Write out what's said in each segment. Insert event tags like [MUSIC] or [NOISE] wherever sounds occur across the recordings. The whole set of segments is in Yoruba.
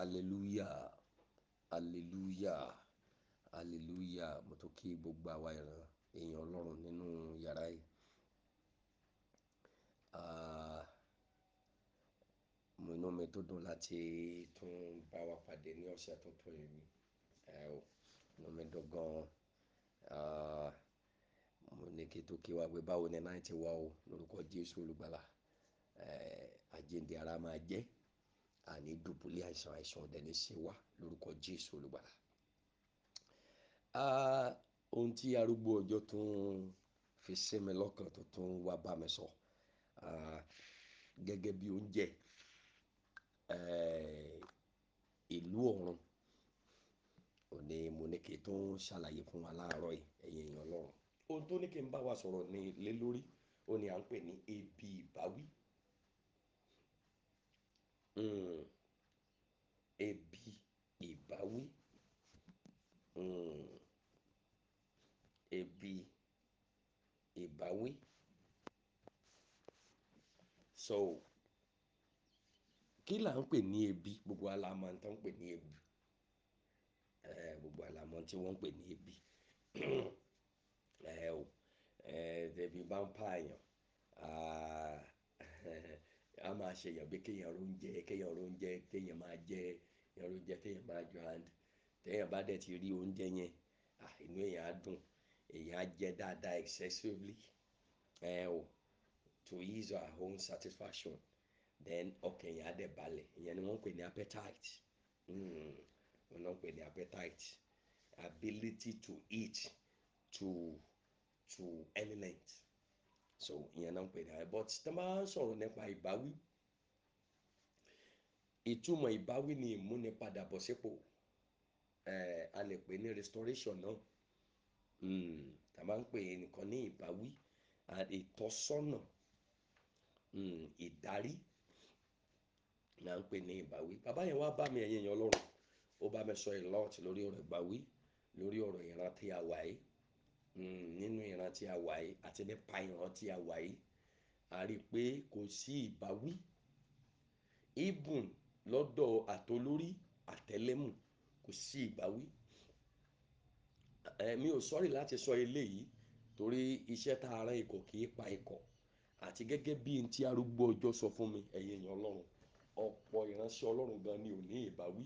aleluya aleluya aleluya mo tó kí gbogbo àwa ìran èèyàn ọlọ́run nínú yàrá yìí mo inú mi tó dùn láti tún bá wa pàdé ní ọ̀sẹ̀ tuntun yìí inú mi dùn gan-an mo ní kí tó kí wa pé báwo ni náà ti wá o lórúkọ Jésù olùgbàlà àjíǹde ara máa jẹ́ àní dùbúlẹ̀ àìsàn àìsàn ọ̀dẹ̀ ní ṣe wá lórúkọ Jésù olùgbàlà. ohun tí arúgbó ọjọ́ tó ń fi sí mi lọ́kàn tó tó ń wá bá mi sọ gẹ́gẹ́ bí oúnjẹ ìlú ọ̀run òní mo ní kí n tó ń ṣàlàyé fún wa láàárọ̀ yìí ẹ̀yin èèyàn ohun tó ní kí n bá wa sọ̀rọ̀ ní lé lórí ó ní à ń pè ní ebi ìbáwí um ẹ̀bi ìbáwí um ẹ̀bi ìbáwí. So kí là ń pè ní ẹ̀bi? Gbogbo wa la mọ̀ ohun tí wọ́n ń pè ní ẹ̀bi. um Gbogbo wa tí wọ́n ń pè ní ẹ̀bi. um Tẹ̀bí bá ń pààyàn a máa ṣe èèyàn bí kéèyàn róúnjẹ kéèyàn róúnjẹ kéèyàn máa jẹ èèyàn róúnjẹ téèyàn máa jọ and téèyàn bá dẹ̀ ti rí oúnjẹ yẹn ah inú èèyàn á dùn èèyàn á jẹ dáadáa excessively ẹ o to ease our own satisfaction then ọkàn èèyàn á dẹ̀ balẹ̀ ìyẹn ni wọ́n ń pè ní appetite mm. wọ́n náà ń pè ní appetite ability to eat to to eminent so ìyẹn náà ń pè ní but tí wọ́n bá ń sọ̀rọ̀ nípa ìbáwí ìtumọ̀ ìbáwí ni ìmúnipadàbọ̀sípò eh, a lè pè ní restoration náà hmm, tá a máa ń pè nǹkan ní ìbáwí ìtọ́sọ́nà hmm, ìdarí là ń pè ní ìbáwí bàbá yẹn wá bá mi ẹ̀yìn yẹn ọlọ́run ó bá mi sọ a lot lórí ọ̀rọ̀ ìbáwí lórí ọ̀rọ̀ ìran tí Mm, nínú ìran tí a wà yìí àti nípa ìran tí a wà yìí a rí i pé kò sí ìbáwí ibùn lọ́dọ̀ àtolórí àtẹlẹ́mù kò sí ìbáwí eh, mi ò sọ́rí láti sọ eléyìí torí iṣẹ́ tá a rán ikọ̀ kì í pa ikọ̀ àti gẹ́gẹ́ bí n tí arúgbó ọjọ́ sọ fún mi ẹ̀yin èèyàn ọlọ́run ọ̀pọ̀ ìránṣẹ́ ọlọ́run gan ni ò ní ìbáwí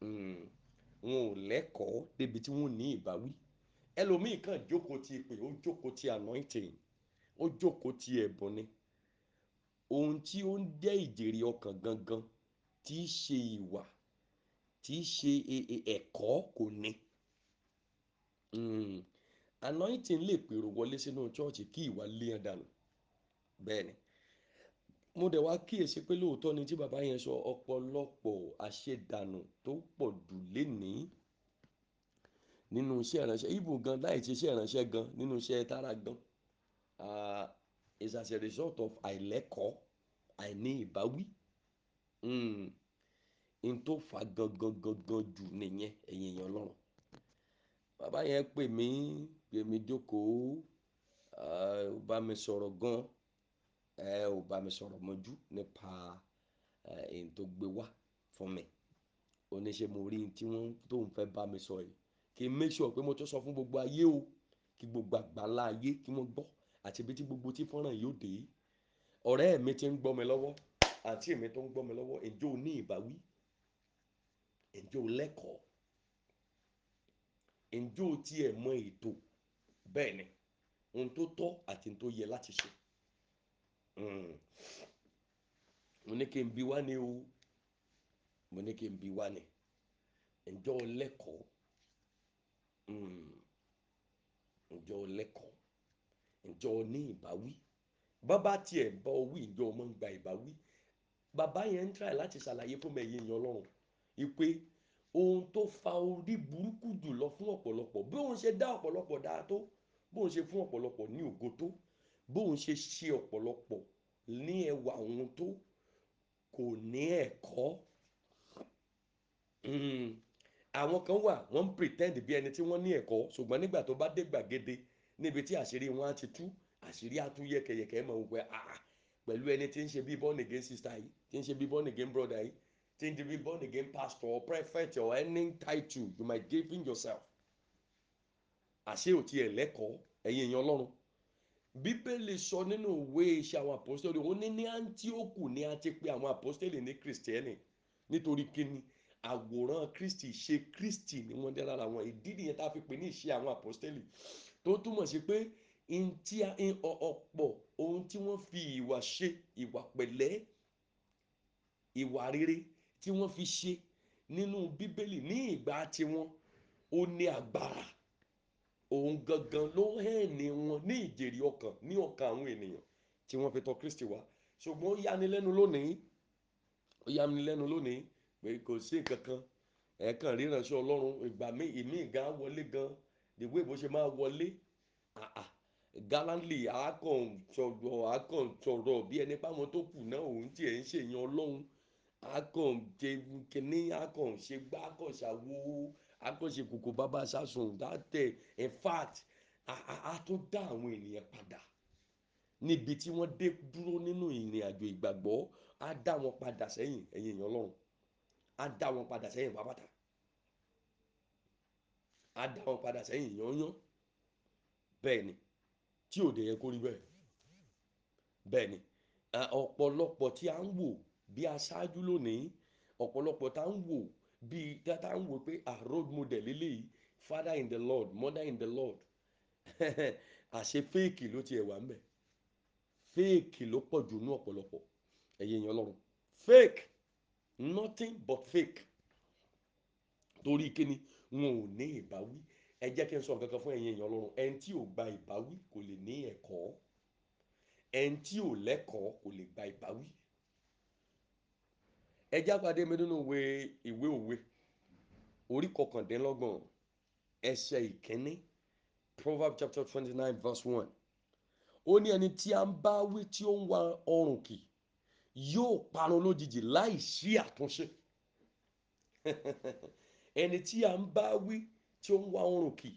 hmm, wọn ò lẹ́kọ̀ọ́ débi tí wọ́n ní ìbáwí ẹlòmíì kan jókòó ti pè ó jókòó ti anointing ó jókòó ti ẹ̀bùn ni ohun tí ó ń jẹ́ ìjèrè ọkàn gangan tí í ṣe ìwà tí í ṣe e, e, ẹ̀kọ́ kò ní hmm. anointing lè pèrò wọlé sínú chọ́ọ̀chì kí ìwà léèyàn dànù bẹ́ẹ̀ ni mo dẹ̀ wá kíyèsí pé lóòótọ́ ni tí bàbá yẹn sọ ọ̀pọ̀lọpọ̀ àṣedànù tó pọ̀ jù lénìí nínú iṣẹ́ ìránṣẹ́ ibo gan láì ṣe iṣẹ́ ìránṣẹ́ gan nínú iṣẹ́ tára gan uh, is as a result of àìlẹ́kọ̀ọ́ àìní ìbáwí hmm, n tó fa gangan gangan jù nìyẹn ẹ̀yìn èèyàn lọ́rùn bàbá yẹn pè mí pè mí jókòó ó bá mi sọ̀rọ̀ gan ẹ ò bá mi sọ̀rọ̀ mọ́jú nípa èyí tó gbé wá fún mi oníṣẹ́ mo rí tí wọ́n tó ń fẹ́ bá mi sọ yìí kí n make sure pé mo tún sọ fún gbogbo ayé o kí gbogbo àgbàlá ayé kí wọ́n gbọ́ àti ibi tí gbogbo tí fọ́nrán yóò dé ọ̀rẹ́ mi ti ń gbọ́ mi lọ́wọ́ àǹtí mi tó ń gbọ́ mi lọ́wọ́ ǹjẹ́ o ní ìbáwí ǹjẹ́ o lẹ́kọ̀ọ́ ǹjẹ́ o tiẹ̀ mọ ètò bẹ́ẹ̀ ni ohun tó tọ́ àti ohun tó yẹ láti ṣe hmm. mo ní kí n bi wá ní o mo ní kí n bi wá ní ǹjọ́ lẹ́kọ̀ọ́ Hmm. ǹjọ́ lẹ́kọ̀ọ́ ǹjọ́ ní ìbáwí bàbá tiẹ̀ bọ́ wí ǹjọ́ ọmọ ń gba ìbáwí bàbá yẹn ń tíráì láti ṣàlàyé fún mi ẹ̀yìn ọlọ́run ìpè ohun tó fa orí burúkú jùlọ fún ọ̀pọ̀lọpọ̀ bí òun ṣe dá ọ̀pọ̀lọpọ̀ dáa tó bóun ṣe fún ọ̀pọ̀lọpọ̀ ní ògo tó bóun ṣe ṣe ọ̀pọ̀lọpọ̀ ní ẹwà òun tó kò ní ẹ̀kọ́ àwọn kan wà wọ́n ń pretend bí ẹni tí wọ́n ní ẹ̀kọ́ ṣùgbọ́n nígbà tó bá dé gbàgede níbi tí àṣírí wọn á ti tú àṣírí á tú yẹkẹyẹkẹ mọ̀ wípé àà ah, pẹ̀lú ẹni tí ń ṣe bí born again sister yìí tí ń ṣe bí born again brother yìí tí ń bí born again pastor or prefect or any title you might give in yourself àṣé ò tiẹ̀ lẹ́kọ̀ọ́ ẹ̀yin èèyàn ọlọ́run bíbélì sọ nínú ìwé iṣẹ́ àwọn apostoli ó ní ní antioch ni a ti pe àwọn apostoli ní kristẹni nítorí kíni àwòrán kristi ṣe kristi ni wọ́n jẹ́ lára wọn ìdí nìyẹn tá a fi pè ní ìṣe àwọn àpọ́stélì tó túmọ̀ sí pé ntí ọ̀pọ̀ ohun tí wọ́n fi ìwà ṣe ìwà pẹ̀lẹ́ ìwà rere tí wọ́n fi ṣe nínú bíbélì ní ìgbà tiwọn ó ní agbára òun gangan ló hẹ́ẹ̀ni wọn ní ìjèrè ọkàn ní ọkàn àwọn ènìyàn tí wọ́n fi tọ̀ kristi wá ṣùgbọ́n ó yánilẹ́nu lónìí ó yánilẹ́nu lónìí pé kò sí nǹkan kan ẹ̀ẹ̀kan ríranṣẹ́ ọlọ́run ìgbà mi ìmí ìgá wọlé gan the way bó ṣe máa wọlé gallantly akọ̀ǹtọ̀rọ̀ akọ̀ǹtọ̀rọ̀ bí ẹni páwọn tó kù náà òun tiẹ̀ ń ṣèyàn ọlọ́run akọ̀ǹjẹ̀kìnní akọ̀ǹṣègbà akọ̀ṣàwò akọ̀ṣèkòkò bàbá sàṣùn dátẹ̀ eh, in fact a tún dá àwọn ènìyàn padà níbi tí wọ́n dé dúró nínú ìrìn àjò ìgbàgbọ́ á dá wọn padà sẹ́yìn ẹ̀yìn ìyọlọ́run á dá wọn padà sẹ́yìn pápátá á dá wọn padà sẹ́yìn yányán bẹ́ẹ̀ ni tí òde yẹ kó rí bẹ́ẹ̀ bẹ́ẹ̀ ni ọ̀pọ̀lọpọ̀ tí a ń wò bí aṣáájú lónìí ọ̀pọ̀lọpọ̀ tá ń wò bí tá ń wò pé a road model eléyìí father in the lord mother in the lord [LAUGHS] àṣe fẹ́ẹ̀kì ló tiẹ̀ wà ń bẹ̀ fẹ́ẹ̀kì ló pọ̀ jù ní ọ̀pọ̀lọpọ̀ ẹ̀yin èèyàn ọlọ́run fake nothing but fake torí kíni wọn ò ní ìbáwí ẹ jẹ́ kí n sọ nǹkan kan fún ẹ̀yin èèyàn ọlọ́run ẹni tí ò gba ìbáwí kò lè ní ẹ̀kọ́ ẹni tí ò lẹ́kọ̀ọ́ kò lè gba ìbáwí ẹ jẹ́ àpàdé mi ìwé òwe orí kọkàndínlọ́gbọ̀n ẹsẹ̀ ìkíní proverb chapter twenty nine verse one ó ní ẹni tí a ń bá tí ó ń wa ọrùn kì í yóò parun lójijì láì sí àtúnṣe [LAUGHS] ẹni tí a ń bá wí tí ó ń wá oorun kì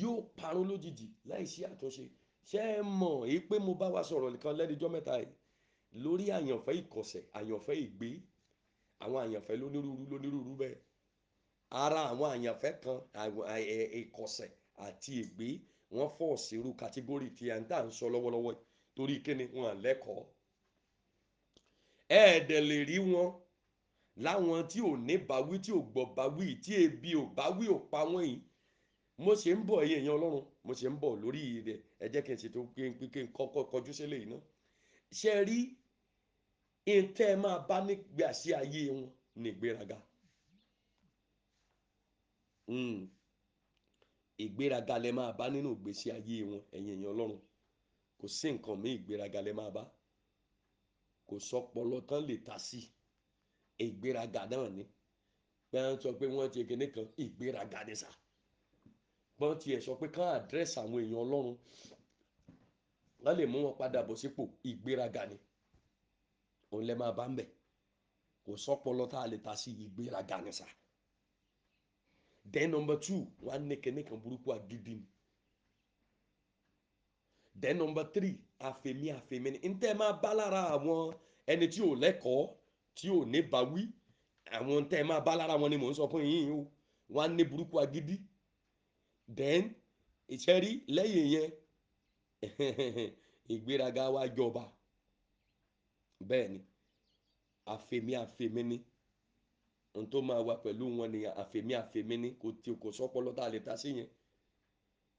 yóò parun lójijì láì sí àtúnṣe ṣé ẹ mọ̀ èyí pé mo bá wa sọ̀rọ̀ nìkan lẹ́nijọ́ mẹ́ta yìí lórí àyànfẹ́ ìkọ̀sẹ̀ àyànfẹ́ ìgbé àwọn àyànfẹ́ lónírúurú lónírúurú bẹ́ẹ̀ ara àwọn àyànfẹ́ kan ìkọ̀sẹ̀ àti ìgbé wọ́n fọ́ọ̀sì irú kàtígórì tí à ń tà ń sọ lọ́wọ́lọ́wọ́ torí kíni wọn lẹ́kọ̀ọ́ ẹ̀ẹ́dẹ̀ lè rí wọn láwọn tí ò ní báwí tí ò gbọ́ báwí tí ebi ò báwí ò pa wọ́n yìí mo ṣe ń bọ̀ ẹ̀yìn èèyàn ọlọ́run mo ṣe ń bọ̀ lórí rẹ̀ ẹ jẹ́ kí n ṣe tó kí n kọ́kọ́ kọjú sílẹ̀ yìí náà ṣe rí ntẹ́ ẹ máa bá nígbà sí ayé wọn nígbéraga hmm. ìgbéraga lẹ máa bá nínú ìgbésí ayé wọn ẹ̀yìn èèyàn ọlọ́run kò sí nǹkan mí ìgbéraga lẹ máa bá kò sọpọlọ tán lè ta sí ìgbéraga náà ni bẹ́ẹ̀ ń sọ pé wọ́n ti kíní kan ìgbéraga ni sà wọ́n ti ẹ̀ sọ pé ká àdírẹ́sì àwọn èèyàn ọlọ́run wọ́n lè mú wọn padà bọ̀ sípò ìgbéraga ni òun lè máa bá ń bẹ̀ kò sọpọlọ tá a lè ta sí ìgbéraga ni sà then number two wọ́n á ní kíní kan burúkú agídí ni then number three àfẹ̀mí àfẹ̀mí ni n tẹ́ máa bá lára àwọn ẹni tí ò lẹ́kọ̀ọ́ tí ò ní bá àwọn n tẹ́ máa bá lára wọn ni mò ń sọ fún yín o wọn á ní burúkú agídí then ìṣẹ́rí lẹ́yìn yẹn [LAUGHS] ìgbéraga wa jọba bẹ́ẹ̀ ni àfẹ̀mí àfẹ̀mí ni n tó máa wà pẹ̀lú wọn ni àfẹ̀mí àfẹ̀mí ni kò tí kò sọ́pọ̀lọ́ tá lè ta sí yẹn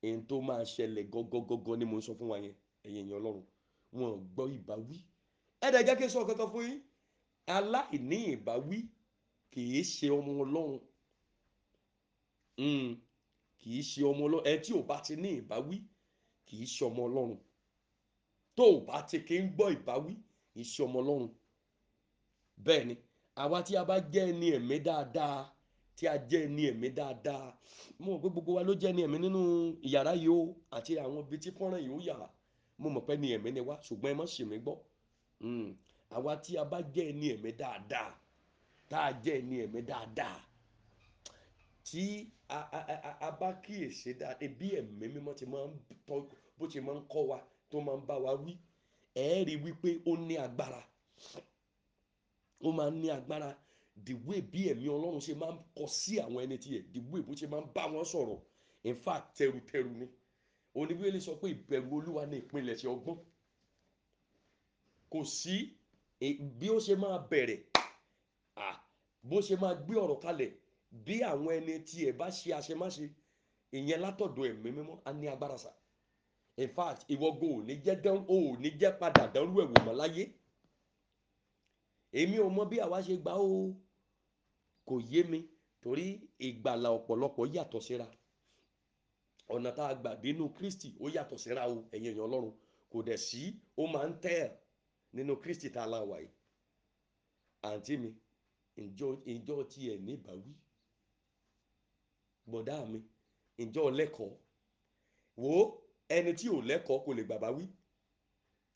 èyí tó máa ṣẹlẹ̀ gọ́gọ́gọ́gọ́ ni mo ń sọ fún wa yẹn ẹ̀yin èèyàn ọlọ́run wọn gbọ́ ìbáwí ẹ̀dẹ̀ jẹ́ kí n sọ ọ̀kan kan fún yín aláìní ìbáwí kì í ṣe ọmọ ọlọ́run hmm, kì í ṣe ọmọ ọlọ́run ẹ tí ò bá ti ní ìbáwí kì í ṣe ọmọ ọlọ́run tó o bá ti kí ń gbọ́ ìbáwí kì í ṣe ọmọ ọlọ́run bẹ́ẹ̀ ni àwa tí a bá jẹ́ ẹni ẹ̀mí dáadáa tí a jẹ́ ẹni ẹ̀mí dáadáa mo mọ̀ pé gbogbo wa ló jẹ́ ẹni ẹ̀mí nínú ìyàrá yìí o àti àwọn ibi tí fọ́nrán yìí ó yà mo mọ̀ pé ẹni ẹ̀mí ni wá ṣùgbọ́n ẹ má ṣì mí gbọ́ hmm, àwa tí a bá jẹ́ ẹni ẹ̀mí dáadáa tá a jẹ́ ẹni ẹ̀mí dáadáa tí a bá kíyèsí dáadáa bí ẹ̀mí mímọ́ ti máa ń tọ́ bó ti máa ń kọ́ wa tó máa ń bá wa wí ẹ̀ẹ́rì wípé ó ní agbára ó máa ń ní agbára the way bí ẹ̀mí ọlọ́run ṣe máa ń kọ sí àwọn ẹni tiẹ̀ the way bó ṣe máa ń bá wọn sọ̀rọ̀ in fact tẹrutẹru ni oníbíyẹlẹ sọ pé ìbẹ̀rù olúwa ni ìpilẹ̀ṣẹ̀ ọgbọ́n kò sí bí ó ṣe máa bẹ̀rẹ̀ bó ṣe máa gbé ọ̀rọ̀ kalẹ̀ bí àwọn ẹni tiẹ̀ bá ṣe àṣemáṣe ìyẹn látọ̀dọ̀ ẹ̀mí mímọ́ á ní agbára sá in fact ìwọ go ò ní jẹ́ padà dánrú ẹ̀wò mọ́ láyé èmi ò mọ bí àwa ṣe gbà ó kò yé mi torí ìgbàlà ọ̀pọ̀lọpọ̀ yàtọ̀ síra ọ̀nà tá a gbà dénú Kristi ó yàtọ̀ síra o ẹ̀yin èèyàn Ọlọ́run kò dẹ̀ sí ó máa ń tẹ̀ nínú Kristi tá a la wà yìí àǹtí mi ìjọ ìjọ tiẹ̀ ní ìbáwí mi ìjọ lẹ́kọ̀ọ́ wo ẹni tí ò lẹ́kọ̀ọ́ kò lè gbàbá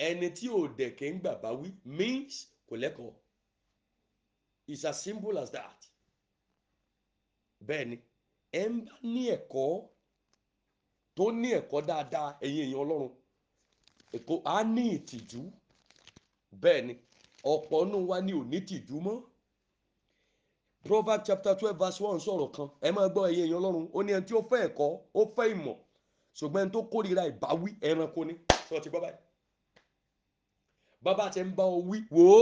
ẹni tí ò dẹ̀ kẹ́ means kò lẹ́kọ̀ọ́ it's as simple as that bẹ́ẹ̀ ni ẹ ń bá ní ẹ̀kọ́ tó ní ẹ̀kọ́ dáadáa ẹ̀yin èèyàn ọlọ́run èkó á ní ìtìjú bẹ́ẹ̀ ni nù wa ní tìjú mọ́ proverbs chapter twelve verse one sọ̀rọ̀ kan ẹ máa gbọ́ ẹ̀yin èèyàn ọlọ́run ó ní ẹni tí ó fẹ́ ẹ̀kọ́ ó fẹ́ ìmọ̀ ṣùgbọ́n ẹni tó kórìíra ìbáwí ẹranko ni sọ ti gbọ́ báyìí bàbá àti ẹ̀ ń bá ọ wí wò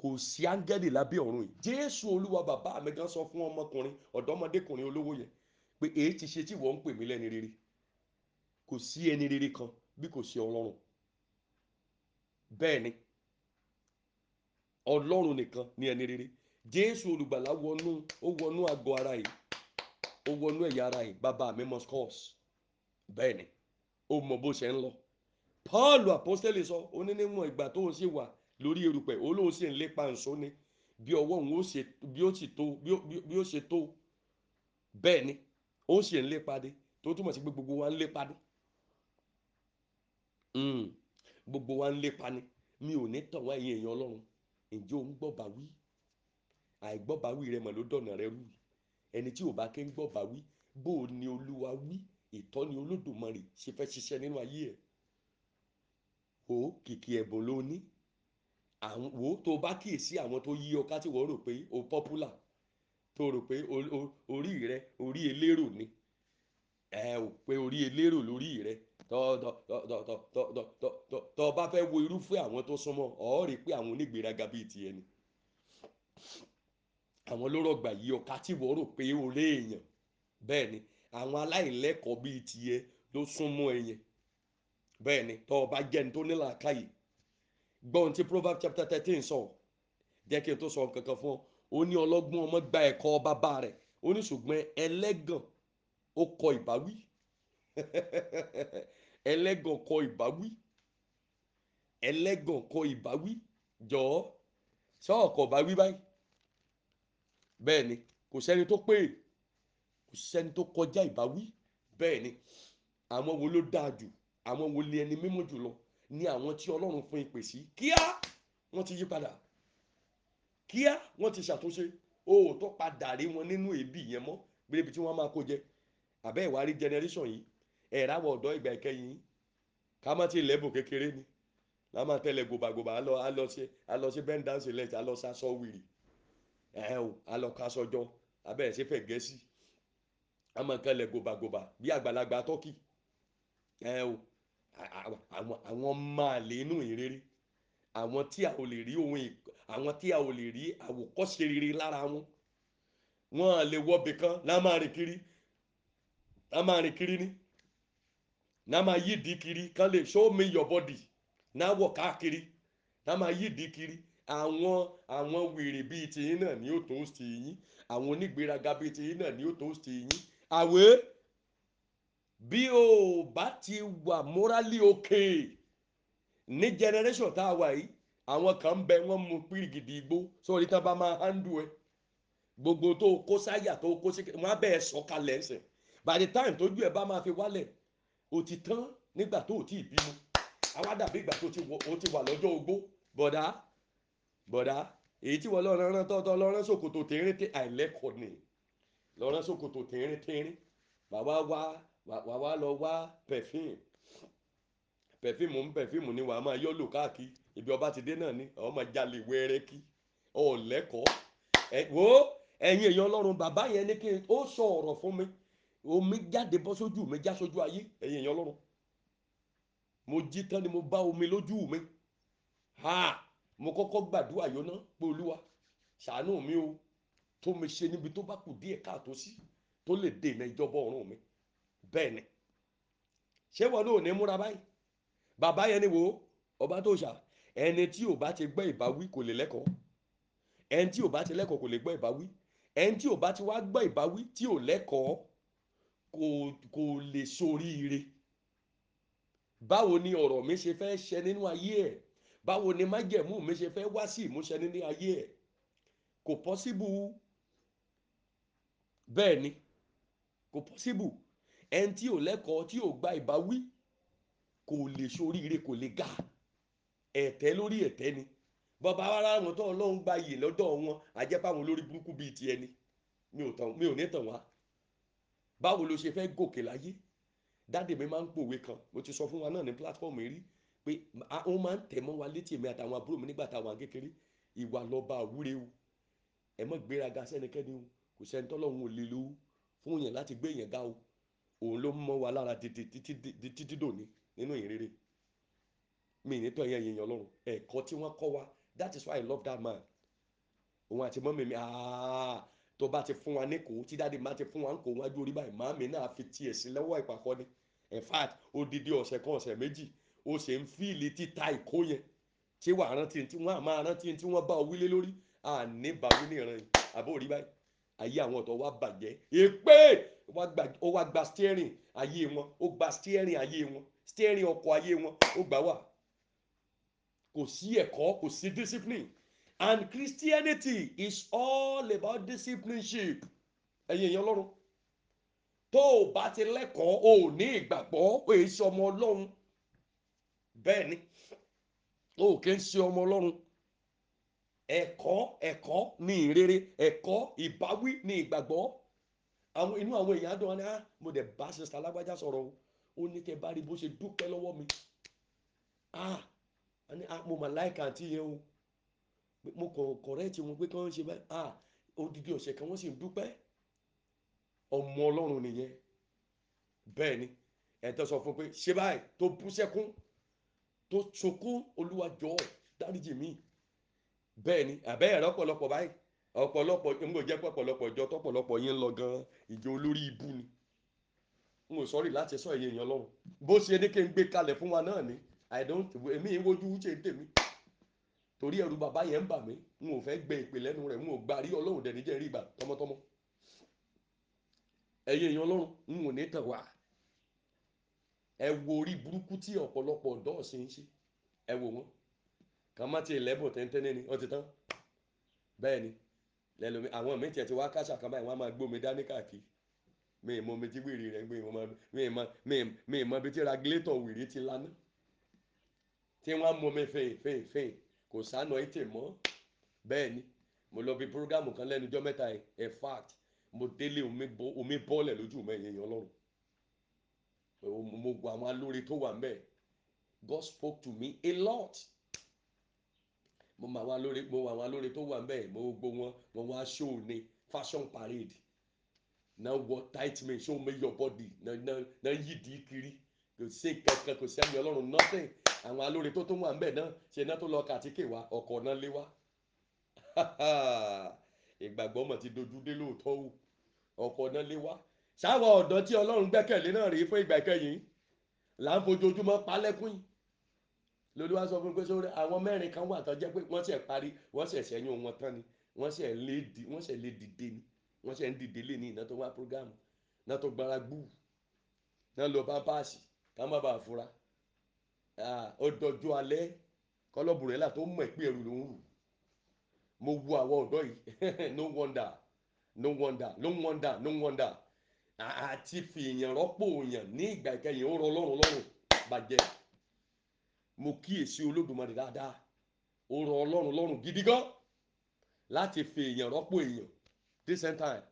kò sí áńgẹ́lì lábẹ́ ọ̀run yìí jésù olúwa bàbá mi gan sọ fún ọmọkùnrin ọ̀dọ́mọdékùnrin olówó yẹn pé èyí ti ṣe tí wọ́n ń pè mí lẹ́ni rere kò sí ẹni rere kan bí kò sí ọlọ́run bẹ́ẹ̀ ni ọlọ́run nìkan ni ẹni rere jésù olùgbàlà wọnú ó wọnú àgọ́ ara yìí ó wọnú ẹ̀yà ara yìí bàbá mi must cause bẹ́ẹ̀ ni ó mọ bó ṣe ń lọ paul apostoli sọ onínímọ̀ ìgbà tó ń ṣe wà lórí erùpẹ̀ olóhùn sì ń lépa nsó ni bí ọwọ́ òun bí ó ṣe tó bẹ́ẹ̀ ni ó sì ń lépa dé tó túmọ̀ sí pé gbogbo wa ń lépa dé hmm, gbogbo wa ń lépa ni mi ò ní tàn wá ẹ̀yin èèyàn ọlọ́run ǹjẹ́ ò ń gbọ́ bá wí àìgbọ́ bá wí rẹ mọ̀ ló dọ̀nà rẹ rú ẹni tí ò bá ké ń gbọ́ bá wí bó o ní olúwa wí ìtọ́ni olódùmarè ṣe fẹ́ ṣiṣẹ́ nínú ayé ẹ̀ o kìkì ẹ̀bùn ló ní àwọn wo tó bá kíyèsí àwọn tó yí ọ káti wọ́n rò pé o popular tó rò pé orí rẹ orí elérò ni ẹ ò pé orí elérò lórí rẹ tọ́ bá fẹ́ wo irúfẹ́ àwọn tó súnmọ́ ọ̀ rí pé àwọn onígbèéraga bíi tiẹ̀ ni àwọn ló rọgbà yí ọ káti wọ́n rò pé o lé bẹ́ẹ̀ ni àwọn aláìlẹ́kọ̀ọ́ bíi tiẹ̀ ló súnmọ́ ẹ̀yẹn bẹ́ẹ̀ ni tọ́ ọ bá jẹ́ni tó nílàákàyè gbọ́n ti proverb chapter thirteen sọ jẹ́ kí n tó sọ kankan fún ọ ó ní ọlọ́gbọ́n ọmọ gba ẹ̀kọ́ bàbá rẹ̀ ó ní ṣùgbọ́n ẹlẹ́gàn ó kọ ìbáwí [LAUGHS] ẹlẹ́gàn kọ ìbáwí ẹlẹ́gàn kọ ìbáwí jọ̀ọ́ sọ ọkọ̀ bá wí báyìí bẹ́ẹ̀ ni kò sẹ́ni tó pé kò sẹ́ni tó kọjá ìbáwí bẹ́ẹ̀ ni àwọn wo ló dáa jù àwọn wo lé ẹni mímọ́ jù lọ ni àwọn tí ọlọ́run fún ìpè sí kíá wọ́n ti yí padà kíá wọ́n ti ṣàtúnṣe òótọ́ padà rí wọn nínú èébì yẹn mọ́ gbèrèbí tí wọ́n máa kó jẹ àbẹ́ ìwárí generation yìí ẹ̀rá wọ ọ̀dọ́ ìgbà ìkẹyìn ká má ti lẹ́bù kékeré ni la máa tẹ́lẹ̀ gòbàgòbà á lọ sí bend down select á lọ sásọ wìrì ẹ̀ ò á lọ kásọjọ́ abẹ́rẹ́ sí fẹ̀ gẹ́sì á máa tẹ́lẹ̀ gòbàgòbà bí àgbàlagbà tọ́kì ẹ̀ ò àwọn ọmọ àlè inú ìrere àwọn tí a ò lè rí ohun àwọn tí a ò lè rí àwòkọ́ṣe rere lára wọn wọn lè wọbì kan náà máa rìn kiri náà máa rìn kiri ni náà máa yí ìdí kiri kan lè show me your body náà wọ̀ káàkiri náà máa yí ìdí kiri àwọn àwọn wèrè bíi tiyín náà ni ó tó sí yín àwọn onígbéraga bíi tiyín náà ni ó tó sí yín àwẹ̀ bí o bá ti wà morally okay ní generation tá a wà yìí àwọn kan bẹ wọn mu pírigidi igbó sórí tán bá máa handle ẹ gbogbo tó kó sáyà tó kó sí wọn á sọ kalẹ̀ ẹsẹ̀ by the time tójú ẹ bá máa fi wálẹ̀ ó ti tán nígbà tó ò tí ì bímọ àwa dàbí ìgbà tó ti wà lọ́jọ́ ogbó bọ̀dá bọ̀dá èyí tí wọ́n lọ́ọ́ rán tọ́tọ́ lọ́ọ́ rán ṣòkòtò tẹ́rín tẹ́ àìlẹ́kọ̀ọ́ ni lọ́ọ́ rán ṣòkòtò tẹ́rín bàbá wa wàá wá lọ wá pẹ̀fín pẹ̀fíìmù ń pẹ̀fíìmù ni wàá máa yọ́lò káàkiri ibi ọba ti dé náà ni àwọn máa jalè wẹ́rẹ́ kí ọ̀lẹ́kọ̀ọ́ ẹ wo ẹ̀yin èèyàn ọlọ́run bàbá yẹn ní kí n ó sọ ọ̀rọ̀ fún mi omi jáde bọ́ sójú mi já sójú ayé ẹ̀yin èèyàn ọlọ́run mo jí tán ni mo bá omi lójú mi ha mo kọ́kọ́ gbàdúrà yóná pé olúwa ṣàánú mi o tó mi ṣe níbi tó bá kù díẹ̀ káàtó sí tó lè dènà ìjọba ọ̀run mi bẹ́ẹ̀ ni ṣé wọn náà ò ní múra báyìí bàbá yẹn ni wo ọba tó ṣà ẹni tí ò bá ti gbọ́ ìbáwí kò lè lẹ́kọ̀ọ́ ẹni tí ò bá ti lẹ́kọ̀ọ́ kò lè gbọ́ ìbáwí ẹni tí ò bá ti wá gbọ́ ìbáwí tí ò lẹ́kọ̀ọ́ kò kò lè soríire báwo ni ọ̀rọ̀ mi ṣe fẹ́ ṣẹ nínú ayé ẹ̀ báwo ni májẹ̀mú mi ṣe fẹ́ wá sí ìmúṣẹ nínú ayé ẹ̀ kò pọ́síbù bẹ́ẹ̀ ni kò pọ́síbù ẹni tí ò lẹ́kọ̀ọ́ tí ò gba ìbáwí kò lè ṣoríire kò lè ga ẹ̀tẹ́ lórí ẹ̀tẹ́ ni bàbá ara wọn tó ọlọ́run gba iyì lọ́dọ̀ wọn àjẹpáwọn olórí burúkú bíi ti ẹni mi ò ní tàn wá báwo ló ṣe fẹ́ gòkè láyé dáàdì mi máa ń pòwe kan mo ti sọ fún wa náà ní platform rí pé wọ́n máa ń tẹ̀ mọ́ wa létí èmi àtàwọn àbúrò mi nígbà táwọn akékeré ìwà lọ́ba àwúre o ẹ má gbéraga sẹ́nikẹ́ni o kò sẹ́ni tọ́lọ́run ò lè lo fún yẹn láti gbé yẹn ga o òun ló mọ́ wa lára títí títí dòní nínú ìrere mi ní tọ́ ẹ̀yẹ èèyàn ọlọ́run ẹ̀kọ́ tí wọ́n kọ́ wa that is why i love that man òun àti mọ́mí mi tó bá ti fún wa ní kò tí dáàdi máa ti fún wa ń kò wájú orí báyìí màámi náà fi tiẹ̀ sí lọ́wọ́ ìpàkọ́ ni in fact odidi ọ̀sẹ̀ kan ọ̀sẹ̀ méjì o ṣe ń fíìlì títa ìkó yẹn ṣé wàá rántí tí wọ́n àmọ́ rántí tí wọ́n bá wílé lórí àní ní ìran yìí àbó báyìí ayé àwọn ọ̀tọ̀ wa bàjẹ́ èpè ó wá gba steering ayé wọn ó gba steering ayé wọn steering ọkọ̀ ayé wọn ó gbà wá kò sí ẹ̀kọ́ kò sí discipline and Christianity is all about discipleship ẹ̀yin èèyàn ọlọ́run tó o bá ti lẹ́kọ̀ọ́ o ò ní ìgbàgbọ́ o èyí ṣe ọmọ ọlọ́run bẹ́ẹ̀ ni o kì í ṣe ọmọ ọlọ́run ẹ̀kọ́ ẹ̀kọ́ ni ìrere ẹ̀kọ́ ìbáwí ni ìgbàgbọ́ àwọn inú àwọn èèyàn dùn wọn ni ah mo dẹ̀ bá sista alágbájá sọ̀rọ̀ o ó ní tẹ bá rí bó ṣe dúpẹ́ lọ́wọ́ mi ah àní ah mo mà láìka àǹtí yẹn o mo kọ̀ kọ̀rẹ́ẹ̀tì wọn pé kí wọ́n ṣe báyìí ah odidi ọ̀sẹ̀ kan wọ́n sì ń dúpẹ́ ọmọ ọlọ́run nìyẹn bẹ́ẹ̀ ni ẹ̀tọ́ sọ fún pé ṣe báyìí tó bú sẹ́kún tó sunkún olúwa jọ̀ọ́ dáríjì mí bẹ́ẹ̀ ni àbẹ́yẹ̀ rọ́pọ̀lọpọ̀ báyìí Ọpọlọpọ n kò jẹ́ pé ọ̀pọ̀lọpọ̀ ìjọ yín lọ gan-an ìjọ olórí ibu ni n kò sọ́rí láti sọ ẹ̀yìn èèyàn Bo bó ṣe n gbé kalẹ fún wa náà ni i don't èmi ìwojú ṣe ń tèmi torí ẹrù bàbá yẹn ń bà mí n ò fẹ́ gbẹ ìpè lẹ́nu rẹ̀ n ò gbà rí tọmọtọmọ èèyàn n ò wá ẹ wo orí burúkú tí ṣe ń ṣe ẹ ọ ti tán lẹ́lómi àwọn míì tiẹ̀ ti wá káṣà kan báyìí wọ́n á máa gbómi dání káàkiri mi ì mọ omi tí wèrè rẹ̀ gbé mi ì mọ ibi tí ragilétọ̀ wèrè ti laná tí wọ́n á mọ omi fèèfèèfèè kò sánà ètè mọ́ bẹ́ẹ̀ ni mo lọ bí programu kan lẹ́nu ọjọ́ mẹ́ta yìí in fact mo délé omi bọ́ọ̀lẹ̀ lójú mẹ́yìn èèyàn ọlọ́run mo gbọ́ àwọn alóore tó wà ń bẹ̀ God spoke to me a lot mo mọ àwọn alóore mo mọ àwọn alóore tó wà mbẹ mo gbó wọn wọn wá show ni fashion parade náà wọ tight me, show me your body náà yí di kiri kò sí kankan kò sí àmì ọlọ́run nothing àwọn alóore tó tún wà mbẹ náà ṣe náà tó lọ kàtíkè wa ọkọ̀ náà lé wa [LAUGHS] ìgbàgbọ́ mọ̀ ti dojú dé lóòótọ́ o ọkọ̀ náà lé wa sáwọn ọ̀dọ́ tí ọlọ́run gbẹ́kẹ̀lé náà rèé fún ìgbà ìkẹyìn là ń fojoojúmọ́ palẹ́kùn yìí lolúwa sọ fún mi pé sórí àwọn mẹ́rin kan wà tán jẹ́ pé wọ́n ṣẹ̀ parí wọ́n ṣẹ̀ ṣẹ́yún wọn tán ni wọ́n ṣẹ̀ lé di wọ́n ṣẹ̀ lé dìde ni wọ́n ṣẹ̀ ń dìde lé ní iná tó wá prógámù iná tó gbára gbúù iná lọ pampasì ká má bàa fura ọdọọjọ́ alẹ́ kọlọ́bùrẹ́là tó mọ̀ pé ẹrù ló ń rù mo wo àwọn ọ̀dọ́ yìí [LAUGHS] no wonder no wonder no wonder no wonder àti fìyàn rọ́pò yàn ní ìgbà ìkẹyìn ó rọ lọ́rùn lọ́rùn bàjẹ́. mo kíyèsí olódùmarè dáadáa ó rọ ọlọ́run lọ́rùn gidi gan láti fi èèyàn rọ́pò èèyàn time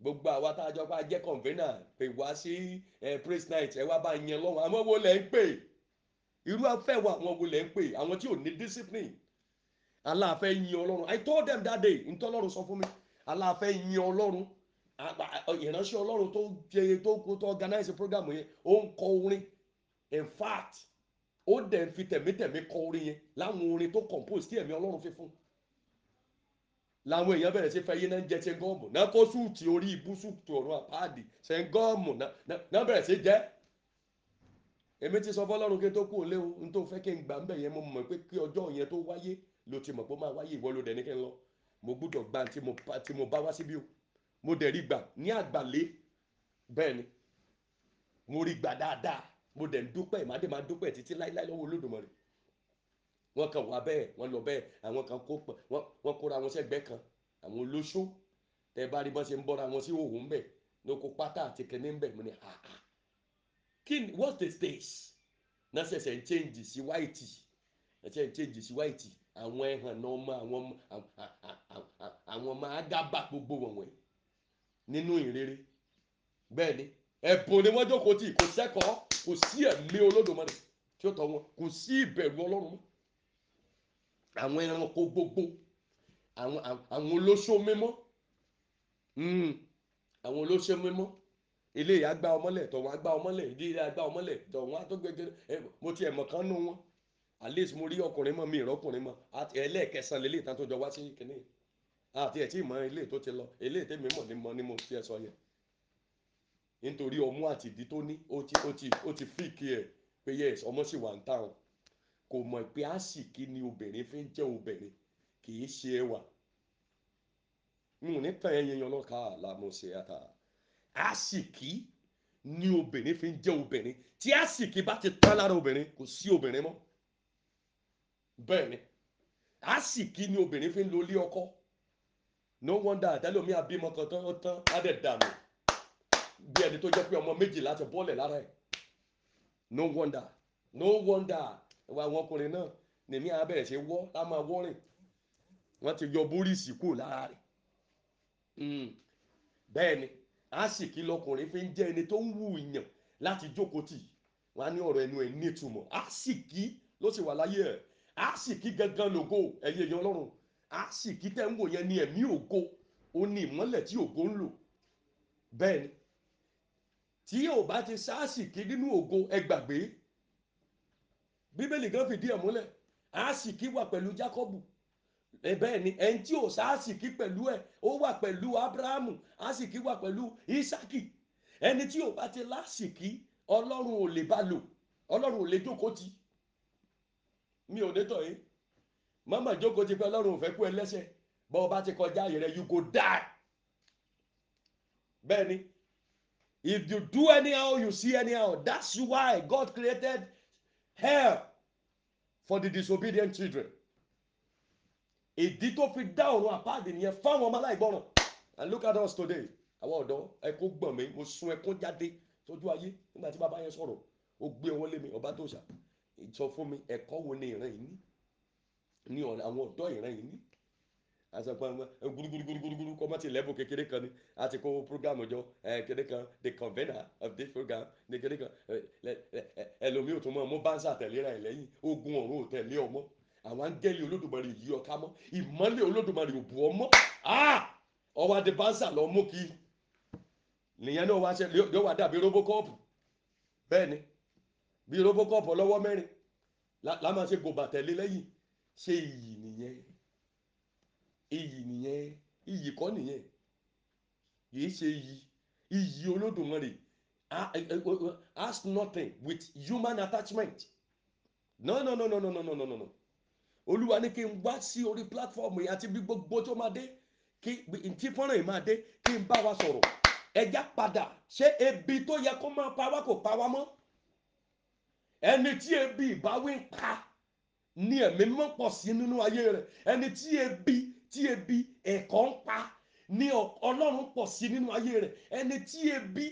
gbogbo àwa tá a jọ bá jẹ́ convener pè wá sí praise night ẹ wá bá yẹn lọ́wọ́ àwọn wo ń pè irú afẹ́ wa àwọn ń pè àwọn tí ò ní discipline aláàfẹ́ yin ọlọ́run i told them that day ntọ́lọ́run sọ fún mi aláàfẹ́ yin program yẹn ó ń kọ ó dẹ̀ ń fi tẹ̀mítẹ̀mí kọ orin yẹn láwọn orin tó compose tí ẹ̀mí ọlọ́run fi fún làwọn èèyàn bẹ̀rẹ̀ sí fẹ́ yín náà ń jẹ ṣẹ́ngọ́ọ̀mù náà kó súùtì orí ibú súùtì ọ̀run àpáàdì ṣẹ́ngọ́ọ̀mù náà bẹ̀rẹ̀ sí jẹ́ èmi ti sọ fọlọ́run kí n tó kú òun léwu n tó fẹ́ kí n gbà ń bẹ̀ yẹn mo mọ̀ pé kí ọjọ́ yẹn tó wáyé ló ti mọ̀ pé ó máa wáyé ìwọ ló dẹ̀ ní kí n lọ mo gbúdọ̀ gba tí mo bá wá síbí o mo dẹ̀ rí gbà ní àgbàlé bẹ́ẹ̀ ni mo rí gbà dáadáa mo dẹ̀ ń dúpẹ́ ìmádé máa dúpẹ́ títí láíláí lọ́wọ́ olódùmarè Wọn kàn wá bẹ́ẹ̀ wọn lọ bẹ́ẹ̀ àwọn kan kó kóra wọn sẹ́gbẹ́ kan àwọn olóṣó tẹ́ bá rí bọ́n ṣe ń bọ́ra wọn sí òhun bẹ̀ ní oko pátá ha ha kí ni what's the stage náà ṣẹ̀ṣẹ̀ ń change sí white ẹ̀ṣẹ̀ ń change sí white àwọn ẹ̀hàn náà mọ àwọn àwọn gbogbo wọ̀nyí nínú ìrere bẹ́ẹ̀ ni ẹ̀bùn ni wọ́n jókòó tì kò sẹ́kọ̀ọ́ kò sí ẹ̀mí olódùmarè tí ó tọ́ wọn kò sí ìbẹ̀rù ọlọ́run mọ́ àwọn ẹranko gbogbo àwọn àwọn olóṣó mímọ́ hmm, àwọn olóṣó mímọ́ eléyìí agbá ọmọlẹ̀ tọ̀wọ́n agbá ọmọlẹ̀ ìdílé agbá ọmọlẹ̀ tọ̀wọ́n àtọ́gbẹ́gẹ́ mo ti ẹ̀mọ̀ kan nù wọn at least mo rí ọkùnrin mọ́ mi ìrọ́kùnrin mọ́ ẹlẹ́ẹ̀kẹsàn lélẹ́yìí tán tó jọ wá sí kínní àti ẹ̀ tí ì mọ eléyìí tó ti lọ eléyìí tẹ́mi mọ̀ ni mo ti ẹ sọ yẹn nítorí ọmú àti ìdí tó ní ó ti ó ti ó ti fíìkì ẹ̀ pé yes ọmọ sì wà ń táwọn kò mọ̀ pé àsìkí ni obìnrin fi ń jẹ́ obìnrin kì í ṣe ẹwà n ò ní tàn ẹ́ yẹn ọlọ́ka làmúṣe ata àsìkí ni obìnrin fi ń jẹ́ obìnrin tí àsìkí bá ti tán lára obìnrin kò sí obìnrin mọ́ bẹ́ẹ̀ ni àsìkí ni obìnrin fi ń lo ilé ọkọ no wonder àtàlẹ́ omi àbímọ kan tán ó tán á dẹ̀ dànù bí ẹni tó jẹ́ pé ọmọ méjì láti bọ́ọ̀lẹ̀ lára ẹ̀ no wonder no wonder ìwà àwọn ọkùnrin náà nìmí abẹ́rẹ́ ṣe wọ́ lámà wọ́rìn wọ́n ti yọ bóríìsì kúrò lára rẹ̀ hmm. bẹ́ẹ̀ ni àsìkí lọkùnrin fi ń jẹ́ ẹni tó ń wù yàn láti jókòó tì wọ́n á ní ọ̀rọ̀ ẹnu ẹ̀ nítumọ̀ àsìkí ló sì wà láyé ẹ̀ àsìkí gangan lògo ẹ̀yẹ èèyàn ọlọ́run àsìkí tẹ́ ń wò yẹn ni ẹ̀mí ògo ó ní ìmọ́lẹ̀ tí ògo ń lò bẹ́ẹ̀ ni tí o bá ti sáàsìkí nínú ògo ẹ bíbélì gan fìdí ẹ̀ múlẹ̀ àásìkí wà pẹ̀lú Jákọ́bù bẹ́ẹ̀ ni ẹni tí ò sáàsìkí pẹ̀lú ẹ ó wà pẹ̀lú abrahamu àásìkí wà pẹ̀lú Ísákì ẹni tí o bá ti láàsìkí Ọlọ́run ò lè bá lò Ọlọ́run ò lè jókòó mi ò détọ̀ yìí mọ́mọ́ jókòó ti pé Ọlọ́run ò fẹ́ kú ẹ ọ bá ti kọjá If you do anyhow, you see anyhow. That's why God created hell for the disobedient children. Èdí tó fi dá ọ̀run àpáàdé nìyẹn my life. aláìgbọràn. And look at us today. Àwọn ọ̀dọ́ I gbọ̀n mi, mo sun ẹkún jáde tójú So nígbà tí bàbá yẹn sọ̀rọ̀. Ó gbé wọn lé mi, ọba tó ṣà. Ìjọ fún mi, ẹ̀kọ́ wo ni ìran yìí ní? Ni asọpọ gudugudugudugudu kọmọtì lẹbù kékeré kan ni a ti kó program jọ kékeré kan the convener of this program kékeré kan ẹlòmíì ò tún mọ mo bánsà tẹ̀léra ẹ̀ lẹ́yìn ogun ọ̀run ò tẹ̀lé ọmọ àwọn angẹ́lì olódùmarè yí ọ ká mọ́ ìmọ́lẹ̀ olódùmarè ò bù ọ mọ́ ọwọ́ adé bánsà lọ mú kí nìyẹn náà wá ṣe yóò wá dàbí robocop bẹ́ẹ̀ ni bí robocop ọlọ́wọ́ mẹ́rin lámà ṣe gòbà tẹ̀lé lẹ́yìn ṣé iyì nìyẹn iyì nìyẹn iyì kọ́ nìyẹn yìí ṣe iyì iyì olódùmarè ask nothing with human attachment no no no no no no no no no olúwa ní kí n wá sí orí platform yìí àti bí gbogbo tó máa dé kí ntí fọ́nrán yìí máa dé kí n bá wa sọ̀rọ̀ ẹja padà ṣé ebi tó yẹ kó máa pa wá kò pa wá mọ́ ẹni tí ebi ìbáwí ń pa ni ẹ̀mí mọ́ pọ̀ sí nínú ayé rẹ̀ ẹni tí ebi tí ebi ẹ̀kọ́ ń pa ní ọlọ́run pọ̀ sí nínú ayé rẹ̀ ẹni tí ebi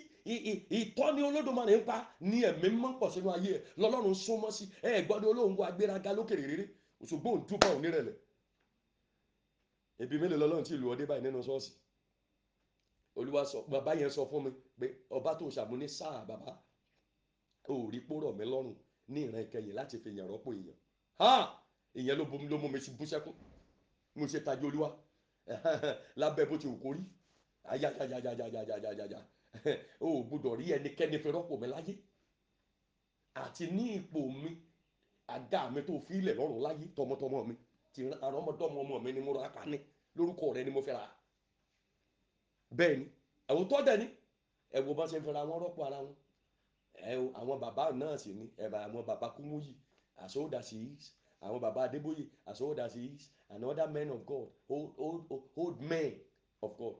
ìtọ́ni olódùmarè ń pa ní ẹ̀mí mọ́ pọ̀ sínú ayé rẹ̀ lọ́lọ́run súnmọ́ sí ẹ̀ gbọ́dọ̀ olóhùn wa gbéraga lókè rere ṣùgbọ́n òun túbọ̀ òun nírẹ̀lẹ̀ ebi mélòó lọ́lọ́run tí ìlú ọdẹ báyìí nínú ṣọ́ọ̀ṣì olúwa sọ bàbá yẹn sọ fún mi pé ọba tó ṣàmú ní sáà bàbá ò rí pòrọ̀ mi lọ́rùn ní ìran ìkẹyìn láti fi yàn rọ́pò èèyàn ha ìyẹn ló mú mi bú sẹ́kún mo ṣe tají olúwa [LAUGHS] lábẹ́ bó ti wù kó rí ayájájájájájájájájá [LAUGHS] o ò gbọdọ̀ rí ẹnikẹ́ni fi rọ́pò mi láyé àti ní ipò mi àga mi tó fi ilẹ̀ lọ́rùn láyé tọmọtọmọ mi ti àwọn ọmọdọ́mọ mi ni mo ra kàní lórúkọ rẹ ni mo fẹ́ ra bẹ́ẹ̀ ni ẹ̀wọ̀n tọ́ dẹ̀ ni ẹ̀wọ̀n bá ṣe ń fẹ́ra wọn rọ́pò ara wọn ẹ̀ àwọn bàbá náà sì ni ẹ̀ àwọn bàbá kúmú yìí àwọn baba adébóyè as old as he is and other men of God old old old men of God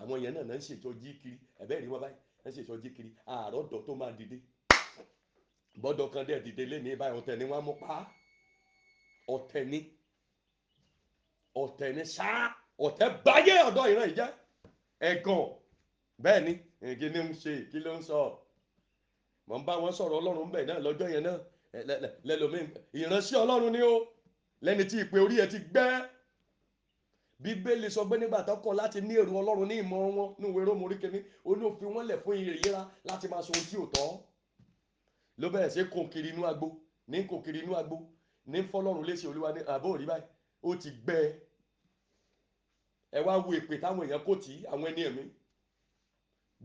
àwọn èèyàn náà náà ń ṣèjọ jí kiri ẹ̀bẹ́ rí wọn báyìí ń ṣèjọ jí kiri àárọ̀dọ̀ tó máa dìde bọ́dọ̀ kan dẹ̀ dìde lẹ́ni báyìí ọ̀tẹ̀ ni wọ́n á mú pa ọ̀tẹ̀ ni ọ̀tẹ̀ ni sáà ọ̀tẹ̀ báyé ọ̀dọ́ ìran ìjẹ́ ẹ̀gàn bẹ́ẹ̀ ni kí ni ń ṣe kí ló ń sọ mọ̀ ń bá wọn sọ̀rọ̀ ọlọ́run bẹ́ẹ̀ náà lọ́jọ́ yẹn náà lẹ́lọ́mí ìránṣẹ́ ọlọ́run ni ó lẹ́ni tí ìpè orí ẹ̀ ti gbẹ́ bíbélì sọ pé nígbà tó kọ̀ láti ní èrò ọlọ́run ní ìmọ̀ wọn ní ìwé rómù oríkèéní olófin wọn lẹ̀ fún ìrìíra láti máa sọ ohun tí ò tọ́ ló bẹ̀rẹ̀ sí kò kiri inú agbo ní kò kiri inú agbo ní fọlọ́run léṣe olúwa ní àbó òrí báyìí ó ti gbẹ ẹ wá wo èpè táwọn èèyàn kò tí àwọn ẹni ẹ̀mí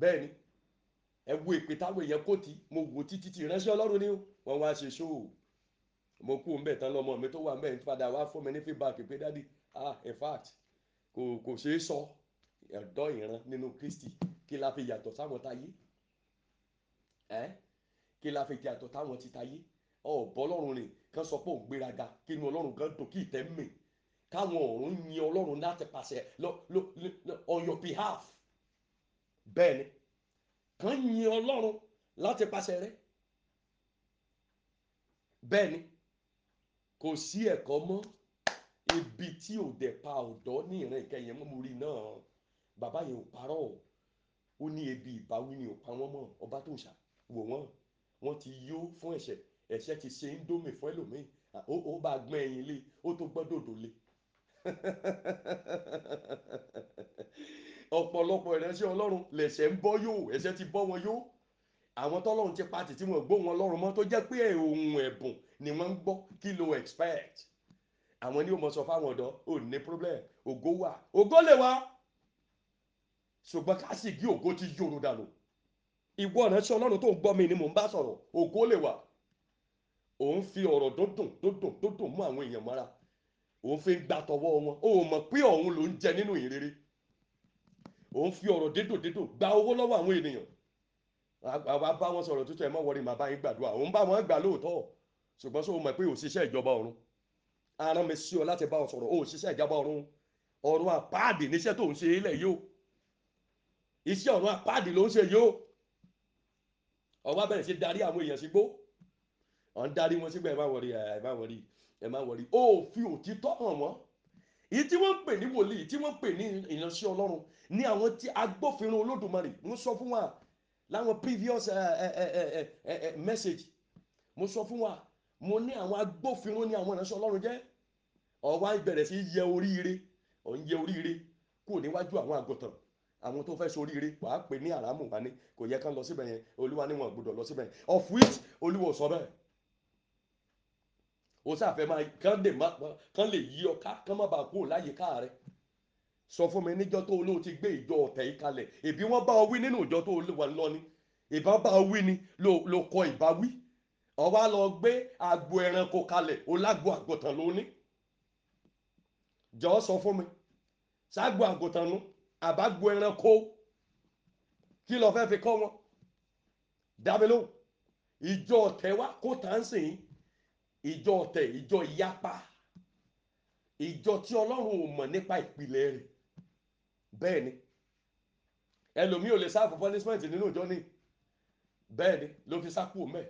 bẹ́ẹ̀ ni ẹ wo èpè táwọn èèyàn kò tí mo wò títí ti ìránṣẹ́ ọlọ́run ni o wọ́n wá ṣe ṣóò mo kú mbẹ tán lọ́mọ mi tó wà mbẹ padà wá fún mi ní feedback pé dádì ah in fact kò kò ṣeé sọ ẹ̀dọ́ ìran nínú Kristi kí la fi yàtọ̀ sáwọn táyé ẹ́ kí la fi yàtọ̀ táwọn ti táyé ọ̀bọ̀ ọlọ́run rìn kan sọ pé òun gbéraga kí inú ọlọ́run kan dùn kí ìtẹ́ mì káwọn ọ̀run yin ọlọ́run láti pàṣẹ lọ lọ lọ on your behalf bẹ́ẹ̀ ni kan yin ọlọ́run láti pàṣẹ rẹ̀ bẹ́ẹ̀ ni kò sí ẹ̀kọ́ mọ́ ibi tí ò dẹ̀ pa ọ̀dọ́ ní ìran ìkẹyìn mọ́ mo rí náà bàbá yẹn ò parọ́ ó ní ebi ìbáwí ni ò pa wọ́n mọ́ ọba tó ṣà wò wọ́n wọ́n ti yó fún ẹ̀ṣẹ̀ ẹ̀ṣẹ̀ ti ṣe ń dómi fún ẹlòmíì ó bá gbọ́n ẹyin lé ó tó gbọ́n dòdò lé [LAUGHS] ọ̀pọ̀lọpọ̀ ìránṣẹ́ ọlọ́run lẹ̀ṣẹ̀ ń bọ́ yóò ẹ̀ṣẹ̀ ti bọ́ wọn yóò àwọn tọ́lọ́run ti pati tí wọ́n gbọ́ wọn lọ́rùn mọ́ tó jẹ́ pé ohun ẹ̀bùn ni wọ́n ń gbọ́ kí ló expect àwọn ni ó mọ sọ fáwọn ọ̀dọ́ ò ní problem ògo wà ògo lè wá ṣùgbọ́n ká sì gé ògo ti yòrò dànù ìwọ ọ̀nà tí ọlọ́run tó ń gbọ́ mi ni mò ń bá sọ̀rọ̀ ògo lè wà òun fi ọ̀rọ̀ dúndùn dúndùn dúndùn mú àwọn èèyàn mọ́ra òun fi ń gba tọwọ́ wọn ó mọ̀ pé òun ló ń jẹ nínú ìrere òun fi ọ̀rọ̀ dédò dédò gba owó lọ́wọ́ àwọn ènìyàn àwa bá wọn sọ̀rọ̀ tútù ẹ mọ̀ wọrí màá bá yín gbàdúrà òun bá wọn gbà lóòótọ́ ṣùgbọ́n sọ mọ̀ pé òṣìṣẹ́ ìjọba ọ̀run aràn mi sí ọ láti bá ọ sọ̀rọ̀ òṣìṣẹ́ ìjọba ọ̀run ọ̀run àpáàdì níṣẹ́ tó ń ṣe ilẹ̀ yìí o iṣẹ́ ọ̀run àpáàdì ló ń ṣe yìí o ọba bẹ̀rẹ̀ sí darí àwọn èèyàn sígbó ọ̀n darí wọn sígbó ẹ má wọrí ẹ má wọrí ẹ má wọrí ó fi òtítọ́ hàn wọ́n èyí tí wọ́n ń pè ní wòlíì tí wọ́n ń pè ní ìránṣẹ́ ọlọ́run ní àwọn tí agbófinró olódùmarè ń sọ fún láwọn previous eh, eh, eh, message mo sọ fún wa mo ní àwọn agbófinró ní àwọn ìránṣẹ́ ọlọ́run jẹ́ ọ̀wá ìbẹ̀rẹ̀ sí yẹ oríire ọ̀ ń yẹ oríire kúrò níwájú àwọn àgùntàn àwọn tó fẹ́ soríire wàá pè ní àràmù wani kò yẹ ká lọ síbẹ̀ yẹn olúwa ni gbọdọ̀ lọ síbẹ̀ of which olúwa sọ bẹ́ẹ̀ o sáfẹ́ máa kán lè yí ọ ká kán má bàa kúrò láyìíká rẹ̀ sọ fún mi níjọ́ tó olóò ti gbé ìjọ ọ̀tẹ̀ yìí kalẹ̀ èbí wọ́n bá ọ wí nínú ìjọ tó wà lọ ni ìbá bá ọ wí ni ló kọ ìbá wí ó wá lọ gbé agbo ẹranko kalẹ̀ ó lágbo àgùntàn ló ní jọ̀ọ́ sọ fún mi ságbo àgùntàn nu àbágbo ẹranko kí ló fẹ́ fi kọ́ wọn dábìló ìjọ ọ̀tẹ̀ wa kó tàǹsì ìjọ ọ̀tẹ̀ ìjọ ìyapa ìjọ tí ọlọ́run ò mọ̀ nípa ìpìlẹ̀ rẹ̀ bẹ́ẹ̀ ni ẹlòmíì ò lè sáàfù punishment nínú ìjọ ni bẹ́ẹ̀ ni ló fi sápò mẹ́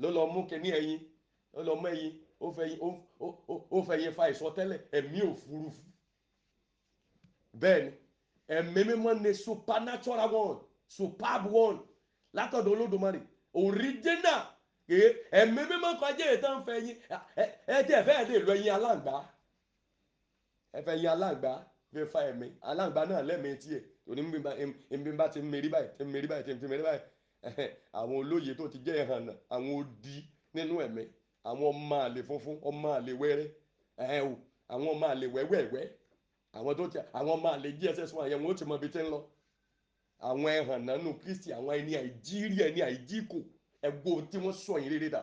ló lọ mú kíní ẹyin ló lọ mú ẹyin ó fẹ́ yin ó fẹ́ yin fa ìsọtẹ́lẹ̀ ẹ̀mí òfurufú bẹ́ẹ̀ ni ẹ̀mí mímọ́ ni supernatural one superb one látọ̀dọ̀ olódùmarè original ẹ̀mí mímọ́ kọjá ètò ń fẹ́ yin ẹ ẹ tí ẹ fẹ́ lè lọ yin aláǹgbá ẹ fẹ́ yin aláǹgbá gbé fa ẹ̀mí aláǹgbá náà lẹ́mìí tiẹ̀ òní mi bá ti mérí báyìí ti mérí báyìí ti mérí báyìí àwọn olóye tó ti jẹ́ ìhànà àwọn odi nínú ẹ̀mí àwọn ọmọ àlè funfun ọmọ àlè wẹ́rẹ́ ẹ̀ o àwọn ọmọ àlè wẹ́wẹ́wẹ́ àwọn tó ti àwọn ọmọ àlè gss one yẹn wọn ó ti mọ ibi tí ń lọ àwọn ẹ̀hànà nù kristi àwọn ẹni àìjírí ẹni àìjíkò ẹgbó tí wọ́n sọ yìí rere dà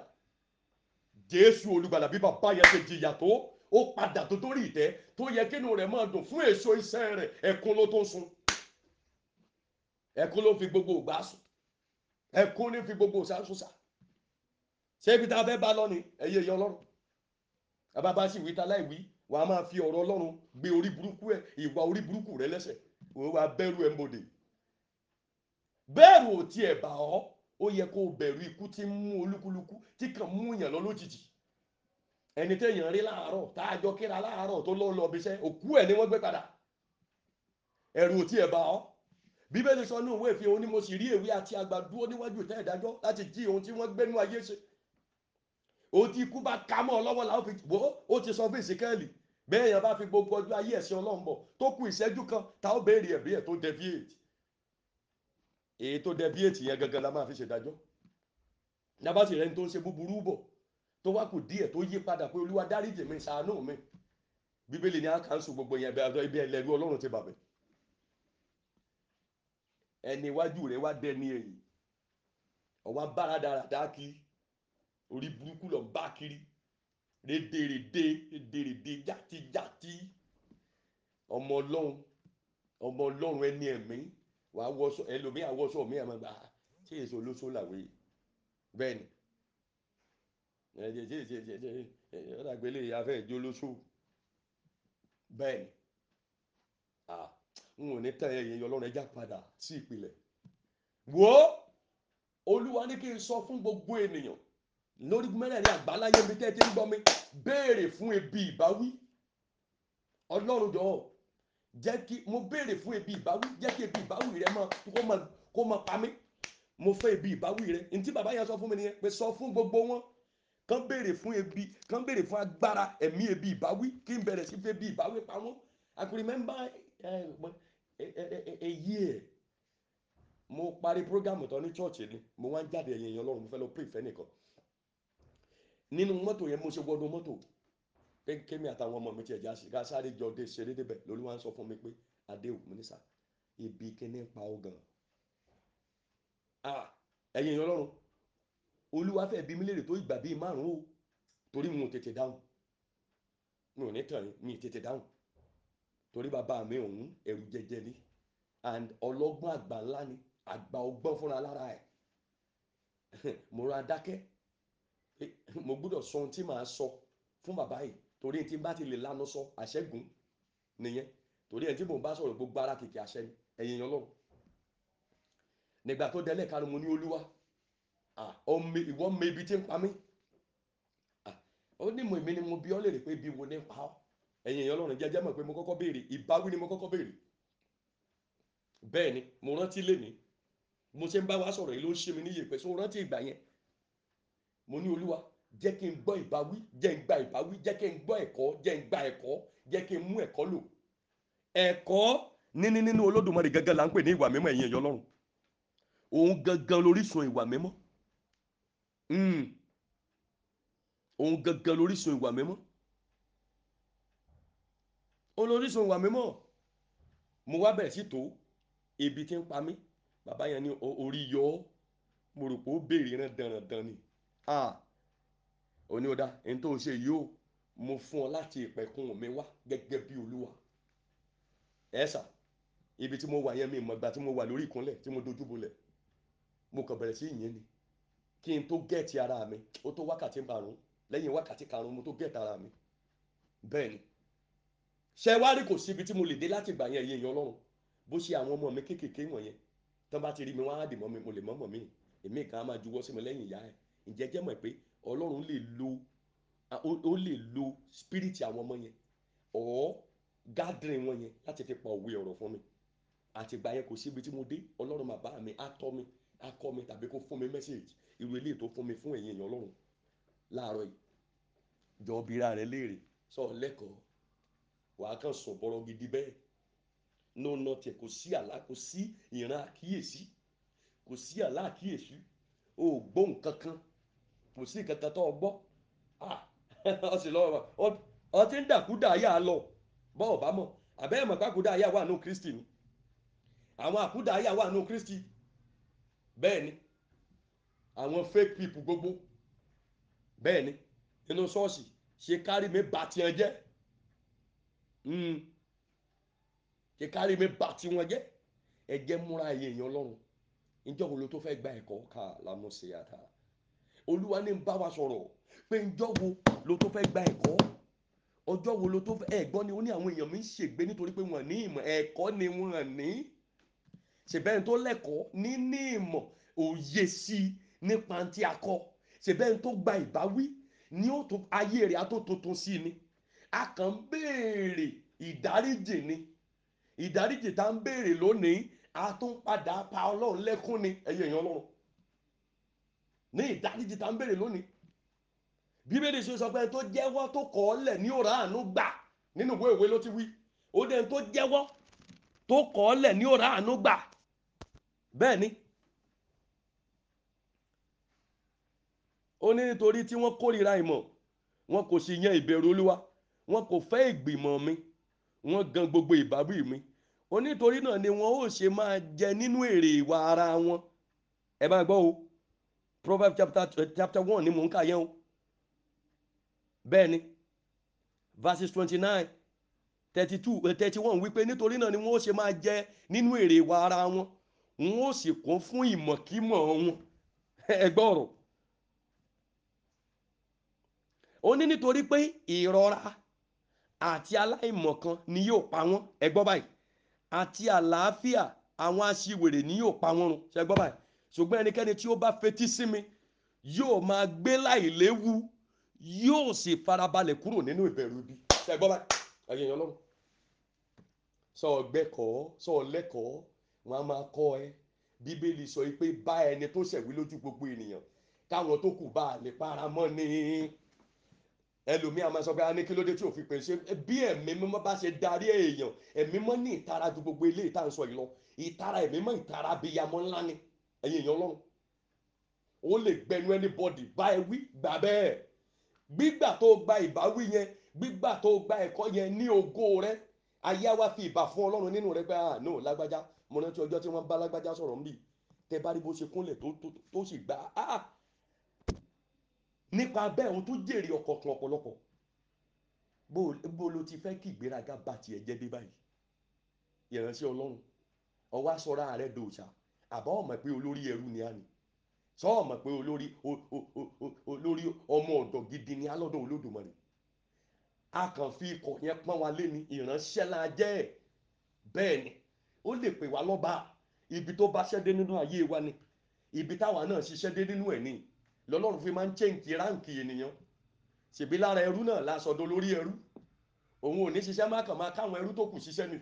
jésù olùgbàlà bí bàbá yẹn ṣe jìyà tó ó padà tó torí ìtẹ́ tó yẹ kínú rẹ̀ máa dùn fún èso iṣẹ́ rẹ̀ ẹkún ló tó ń sun ẹkún ló fi gbogbo ògbà sùn ẹkún ní fi gbogbo òsàsùsà ṣé ibi tá a fẹ́ bá lọ́ni ẹ̀yẹ ìyá ọlọ́run bàbá bá sì wí ta láì wí wàá máa fi ọ̀rọ̀ ọlọ́run gbé orí burúkú ẹ̀ ìwà orí burúkú rẹ lẹ́sẹ̀ òun wàá bẹ̀rù ẹ̀ ń bòde bẹ́ẹ̀rù ò tiẹ̀ bà ọ́ ó yẹ kó o bẹ̀rù ikú tí ń mú olúkúlùkù tí kàn mú ìyàn lójijì ẹni téèyàn rí láàárọ̀ tá a jọ kíra láàárọ̀ tó lọ́ọ́ lọ́ọ́ bíṣẹ́ òkú ẹ̀ ni wọ́n gbé padà ẹ̀rù òtí ẹ̀ bá ọ́ bíbélì sọ ní òwe ìfihàn ni mo sì rí èwe àti àgbà dúró níwájú ìtẹ́ ìdájọ́ láti jí ohun tí wọ́n gbénú ayé ṣe òun ti ikú bá ka mọ́ ọ làwọn fi wò ó ti sọ fún ìsìnkẹ́ẹ̀lì bẹ́ẹ̀ yẹn bá fi gbogbo ọjọ́ ayé ẹ̀sìn ọlọ́run bọ̀ tó kù ìṣẹ́jú kan tá ó béèrè ẹ̀bí ẹ̀ tó deviate èyí tó deviate yẹn gangan la máa fi ṣèdájọ́ nàbàtì rẹ̀ ń tó ń ṣe búburú bọ̀ tó wá kù díẹ̀ tó yí padà pé olúwa dáríjì mi ṣàánú mi bíbélì ni a kà ń sùn gbogbo yẹn bẹ́ẹ̀ ibi ẹlẹ́rú ọlọ́run ti bàbẹ̀ ẹni iwájú rẹ̀ wá dẹni ẹ̀yìn ọ̀wá bára dáradára kiri orí burúkú lọ bá kiri rédèrèdè rédèrèdè játijàti ọmọ ọlọ́run ọmọ ọlọ́run ẹni ẹ̀mí wàá wọṣọ ẹlòmíà wọṣọ mi àmọ́ gbà ah, ṣé èso olóṣó bẹ́ẹ̀ ni ọ̀dà gbélé afẹ́ ìjó lóṣù bẹ́ẹ̀ ni n ò ní tẹ̀ ẹ̀yìn ọlọ́run ẹja padà sí ìpìlẹ̀ wo olúwa ní kí n sọ fún gbogbo ènìyàn lórí mẹ́rẹ̀ẹ̀rin àgbáláyé mi tẹ́ ẹ ti ń gbọ́ mi béèrè fún ebi ìbáwí ọlọ́run jọ̀ọ́ jẹ́ kí mo béèrè fún ebi ìbáwí jẹ́ kí ebi ìbáwí rẹ máa kó máa kó máa pa mí mo fẹ́ ebi ìbáwí rẹ ntí bàbá yẹn sọ fún mi nìyẹn pé sọ fún gbogbo wọn kán béèrè fún ebi kán béèrè fún agbára ẹ̀mí ebi ìbáwí kí n bẹ̀rẹ̀ sí fẹ́ bí ìbáwí pa wọ́n I could remember eh, eh, eh, a year mo parí programu tán ní church ni mo wá ń jáde ẹ̀yìn ẹ̀yìn ọlọ́run mo fẹ́ lọ pray fẹ́ nìkan nínú mọ́tò yẹn mo ṣe wọnú mọ́tò pé kémi àtàwọn ọmọ mi tiẹ̀ já sí sáré jọ dé ṣeré débẹ̀ lórí wa ń sọ fún mi pé adéhùn mínísà ibi kíní pa ó gan-an ah, ẹ̀yìn ọlọ́run olúwa fẹ́ bí mi léèrè tó ìgbà bíi márùn-ún o torí mo tètè dáhùn mi ò ní tàn mi tètè dáhùn torí bàbá mi òun ẹ̀rù jẹjẹ ni and ọlọ́gbọ́n àgbà ńlá ni àgbà ọgbọ́n fúnra lára ẹ̀ [LAUGHS] mo ra dákẹ́ mo gbọ́dọ̀ sọ ohun tí màá sọ fún bàbá yìí torí tí n bá ti lè lánà sọ àṣẹ́gun nìyẹn torí ẹni tí mò bá sọ̀rọ̀ gbogbo ara kìkì àṣẹ ẹ̀yìn ọlọ́run nígbà tó délẹ̀ kanu mo ní olúwa Ah, ìwọ mọ ibi tí ń pa mí ah, ó ní mo èmi ni mo bí ọ léèrè pé ibi wo ni ń pa ọ ẹ̀yin èèyàn ọlọ́run jẹ́jẹ́ mọ̀ pé mo kọ́kọ́ béèrè ìbáwí ni mo kọ́kọ́ béèrè bẹ́ẹ̀ ni mo rántí lénìí mo ṣe ń bá wa sọ̀rọ̀ yìí ló ń ṣe mi níyì pé so rántí ìgbà yẹn mo ní olúwa jẹ́ kí n gbọ́ ìbáwí jẹ́ n gba ìbáwí jẹ́ kí n gbọ́ ẹ̀kọ́ jẹ́ n gba ẹ̀kọ́ jẹ́ kí n mú ẹ̀kọ́ lò ẹ̀kọ́ níní nínú olódùmarè gangan là ń pè ní ìwà mímọ́ ẹ̀yin èèyàn ọlọ́run òun gangan lórísun ìwà mímọ́ òun hmm. gangan lórísun ìwà mímọ́ olórísun ìwà mímọ́ mo wá bẹ̀rẹ̀ sí tó ebi tí ń pa mí bàbá yẹn ní orí yọ ọ́ mo rò pé ó béèrè rán dandan ni òní ọ̀dà ẹni tó ṣe yìí ó mo fún ọ láti ìpẹ̀kun mi wá gẹ́gẹ́ bí olúwa ẹ̀sà ibi tí mo wà yẹn mi ìmọ̀gbà tí mo wà lórí ìkúnlẹ̀ tí mo dojúbolẹ̀ mo kàn bẹ̀rẹ̀ sí ìyẹn ni kí n tó gẹ̀ẹ́tì ara mi ó tó wákàtí márùn-ún lẹ́yìn wákàtí karùn-ún mo tó gẹ̀ẹ́tì ara mi bẹ́ẹ̀ ni ṣe wá rí kò síbi tí mo lè dé láti gbà yẹn èyí ọlọ́run bó ṣe àwọn ọmọ mi kéékèèké wọ̀nyẹn tán bá ti rí mi wọ́n dì mọ́ mi mo lè mọ́ mọ́ mi èmi kan á máa juwọ́ sí mi lẹ́yìn ìyá ẹ̀ ǹjẹ́ jẹ́ mọ̀ pé ọlọ́run lè lo ó lè lo spirit àwọn ọmọ yẹn or gathering wọn yẹn láti fi pa òwe ọ̀rọ̀ fún mi àtìgbà yẹn kò síbi tí mo dé ọlọ́run bàbá mi á tọ́ mi á kọ́ mi tàbí kó fún mi message irú eléyìí tó fún mi fún ẹ̀yin èèyàn ọlọ́run láàárọ̀ yìí jọ bíra rẹ léèrè sọ lẹ́kọ̀ọ́ wàá kàn sùn bọ́rọ̀ gidi bẹ́ẹ̀ ní ọ̀nà tiẹ̀ kò sí àlá kò sí ìran àkíyèsí kò sí àlá àkíyèsí o gbọ́ kò sí nǹkan tó o gbọ́ [LAUGHS] ọ sì ọ ti ń dàkúdà lọ bọ́ ọ̀ bá mọ̀ àbẹ́ ẹ̀mọ̀ pàkúdà wà Kristi ni àwọn àkúdà wà Kristi bẹ́ẹ̀ ni àwọn fake people gbogbo bẹ́ẹ̀ ni nínú ṣọ́ọ̀ṣì ṣe kárí mi bá tiẹ̀ jẹ́ hmm. ṣe kárí mi bá tiwọn jẹ́ ẹ jẹ́ múra èèyàn lọ́rùn ǹjọ́ wo ló tó fẹ́ gba ẹ̀kọ́ ká lánàá ṣe àtà olúwa ní ń bá wa sọ̀rọ̀ pé ǹjọ́ wo ló tó fẹ́ gba ẹ̀kọ́ ọjọ́ wo ló tó fẹ́ ẹ̀gbọ́n ni ó ní àwọn èèyàn mi ń ṣègbé nítorí pé wọ́n ní ìmọ̀ ẹ̀kọ́ ni wọ́n ní ṣèbẹ́ni tó lẹ́kọ̀ọ́ ní ní ìmọ̀ òye sí i nípa ti akọ ṣèbẹ́ni tó gba ìbáwí ni ó tó ayé rẹ̀ á tó tuntun sí ni a kàn ń béèrè ìdáríjì ni ìdáríjì tá ń béèrè lónìí a tó ń padà pa ọlọ́run lẹ́kún ni ẹ̀yẹ èèyàn ọlọ́run ní ìdáríjì tá ń béèrè lónìí bíbélì ṣe sọ pé ẹni tó jẹ́wọ́ tó kọ̀ ọ́ lẹ̀ ní ọ̀rá àánú gbà nínú ìwé ìwé ló ti wí ó dẹ̀ tó jẹ́wọ́ tó kọ̀ ọ́ lẹ̀ ní ọ̀rá àánú gbà bẹ́ẹ̀ ni ó ní nítorí tí wọ́n kórìíra ìmọ̀ wọn kò sì yan ìbẹ̀rù olúwa wọn kò fẹ́ ìgbìmọ̀ mi wọ́n gan gbogbo ìbáwí mi ó náà ni wọn ó ṣe máa jẹ nínú èrè ìwà ara wọn ẹ bá gbọ́ o proverbs chapter eh, chapter one ni mò ń kà yẹn o bẹ́ẹ̀ ni verses twenty nine thirty two eh, thirty one wípé nítorí náà ni wọn ó ṣe máa jẹ nínú èrè ìwà ara wọn wọn ó sì kún fún ìmọ̀kímọ̀ wọn [LAUGHS] ẹ gbọ́ ọ̀rọ̀ ó ní nítorí pé ìrora àti aláìmọ̀kan ni yóò pa wọ́n ẹ gbọ́ báyìí àti àlàáfíà àwọn aṣiwèrè ni yóò pa wọ́n run ṣe gbọ́ báyìí ṣùgbọ́n ẹnikẹ́ni tí ó bá fetí sí mi yóò máa gbé láìléwu yóò sì farabalẹ̀ kúrò nínú ìbẹ̀rù ibi ṣe gbọ́ báyìí ẹ̀yìn èèyàn lọ́rùn sọ ọgbẹ́kọ̀ọ́ sọ ọlẹ́kọ̀ọ́ wọn a máa kọ́ ẹ bíbélì sọ pé bá ẹni tó ṣẹ̀wí lójú gbogbo ènìyàn káwọn tó kù bá a lè para mọ́ ni ẹlòmíì a máa sọ pé a ní kí ló dé tí ò fi pè ṣe bí ẹ̀mí mímọ́ bá ṣe darí èèyàn ẹ̀mí mọ́ ní ìtara ju gbogbo ilé ìta ń sọ yìí lọ ìtara ẹ̀mí mọ́ ìtara abiyamọ ńlá ni ẹ̀yin èèyàn ọlọ́run ó lè gbẹnu anybody bá ẹ wí gbà bẹ́ẹ̀ gbígbà tó gba ìbáwí yẹn gbígbà tó gba ẹ̀kọ́ yẹn ní ògo rẹ ayé wa fi ìbà fún ọlọ́run nínú rẹ pé ah no lágbájá mo rántí ọjọ́ tí wọ́n bá lágbájá sọ̀rọ̀ ń bì tẹ bá rí bó ṣe kúnlẹ̀ tó sì gbà ah, ah nípa bẹ́ẹ̀ ohun tó jèrè ọ̀kọ̀ọ̀kan ọ̀pọ̀lọpọ̀ bó ló ti fẹ́ kí ìgbéraga bá tiẹ̀ jẹ́ dé báyìí ìránṣẹ́ ọlọ́run ọwọ́ aṣọra rẹ̀ dòòṣà àbá ọ̀mọ̀ pé olórí ẹrú ni a nì sọ ọ̀mọ̀ pé olórí olórí ọmọ ọ̀dọ̀ gidi ni alọ́dọ̀ olódùmarè a kàn fi ikọ̀ yẹn pọ́n wa lé ní ìránṣẹ́ la jẹ́ ẹ̀ bẹ́ẹ̀ ni ó lè pè wá lọ́ba ibi tó bá ṣẹ́ nínú ayé wa ni ibi táwa náà ṣiṣẹ́ dé nínú ẹ̀ nìyí lọ́lọ́run fi máa ń chẹ́ǹkì ráǹkì ènìyàn ṣèbí lára ẹrú náà lásọdọ lórí ẹrú òun ò ní ṣiṣẹ́ má kàn máa káwọn ẹrú tó kù ṣiṣẹ́ nì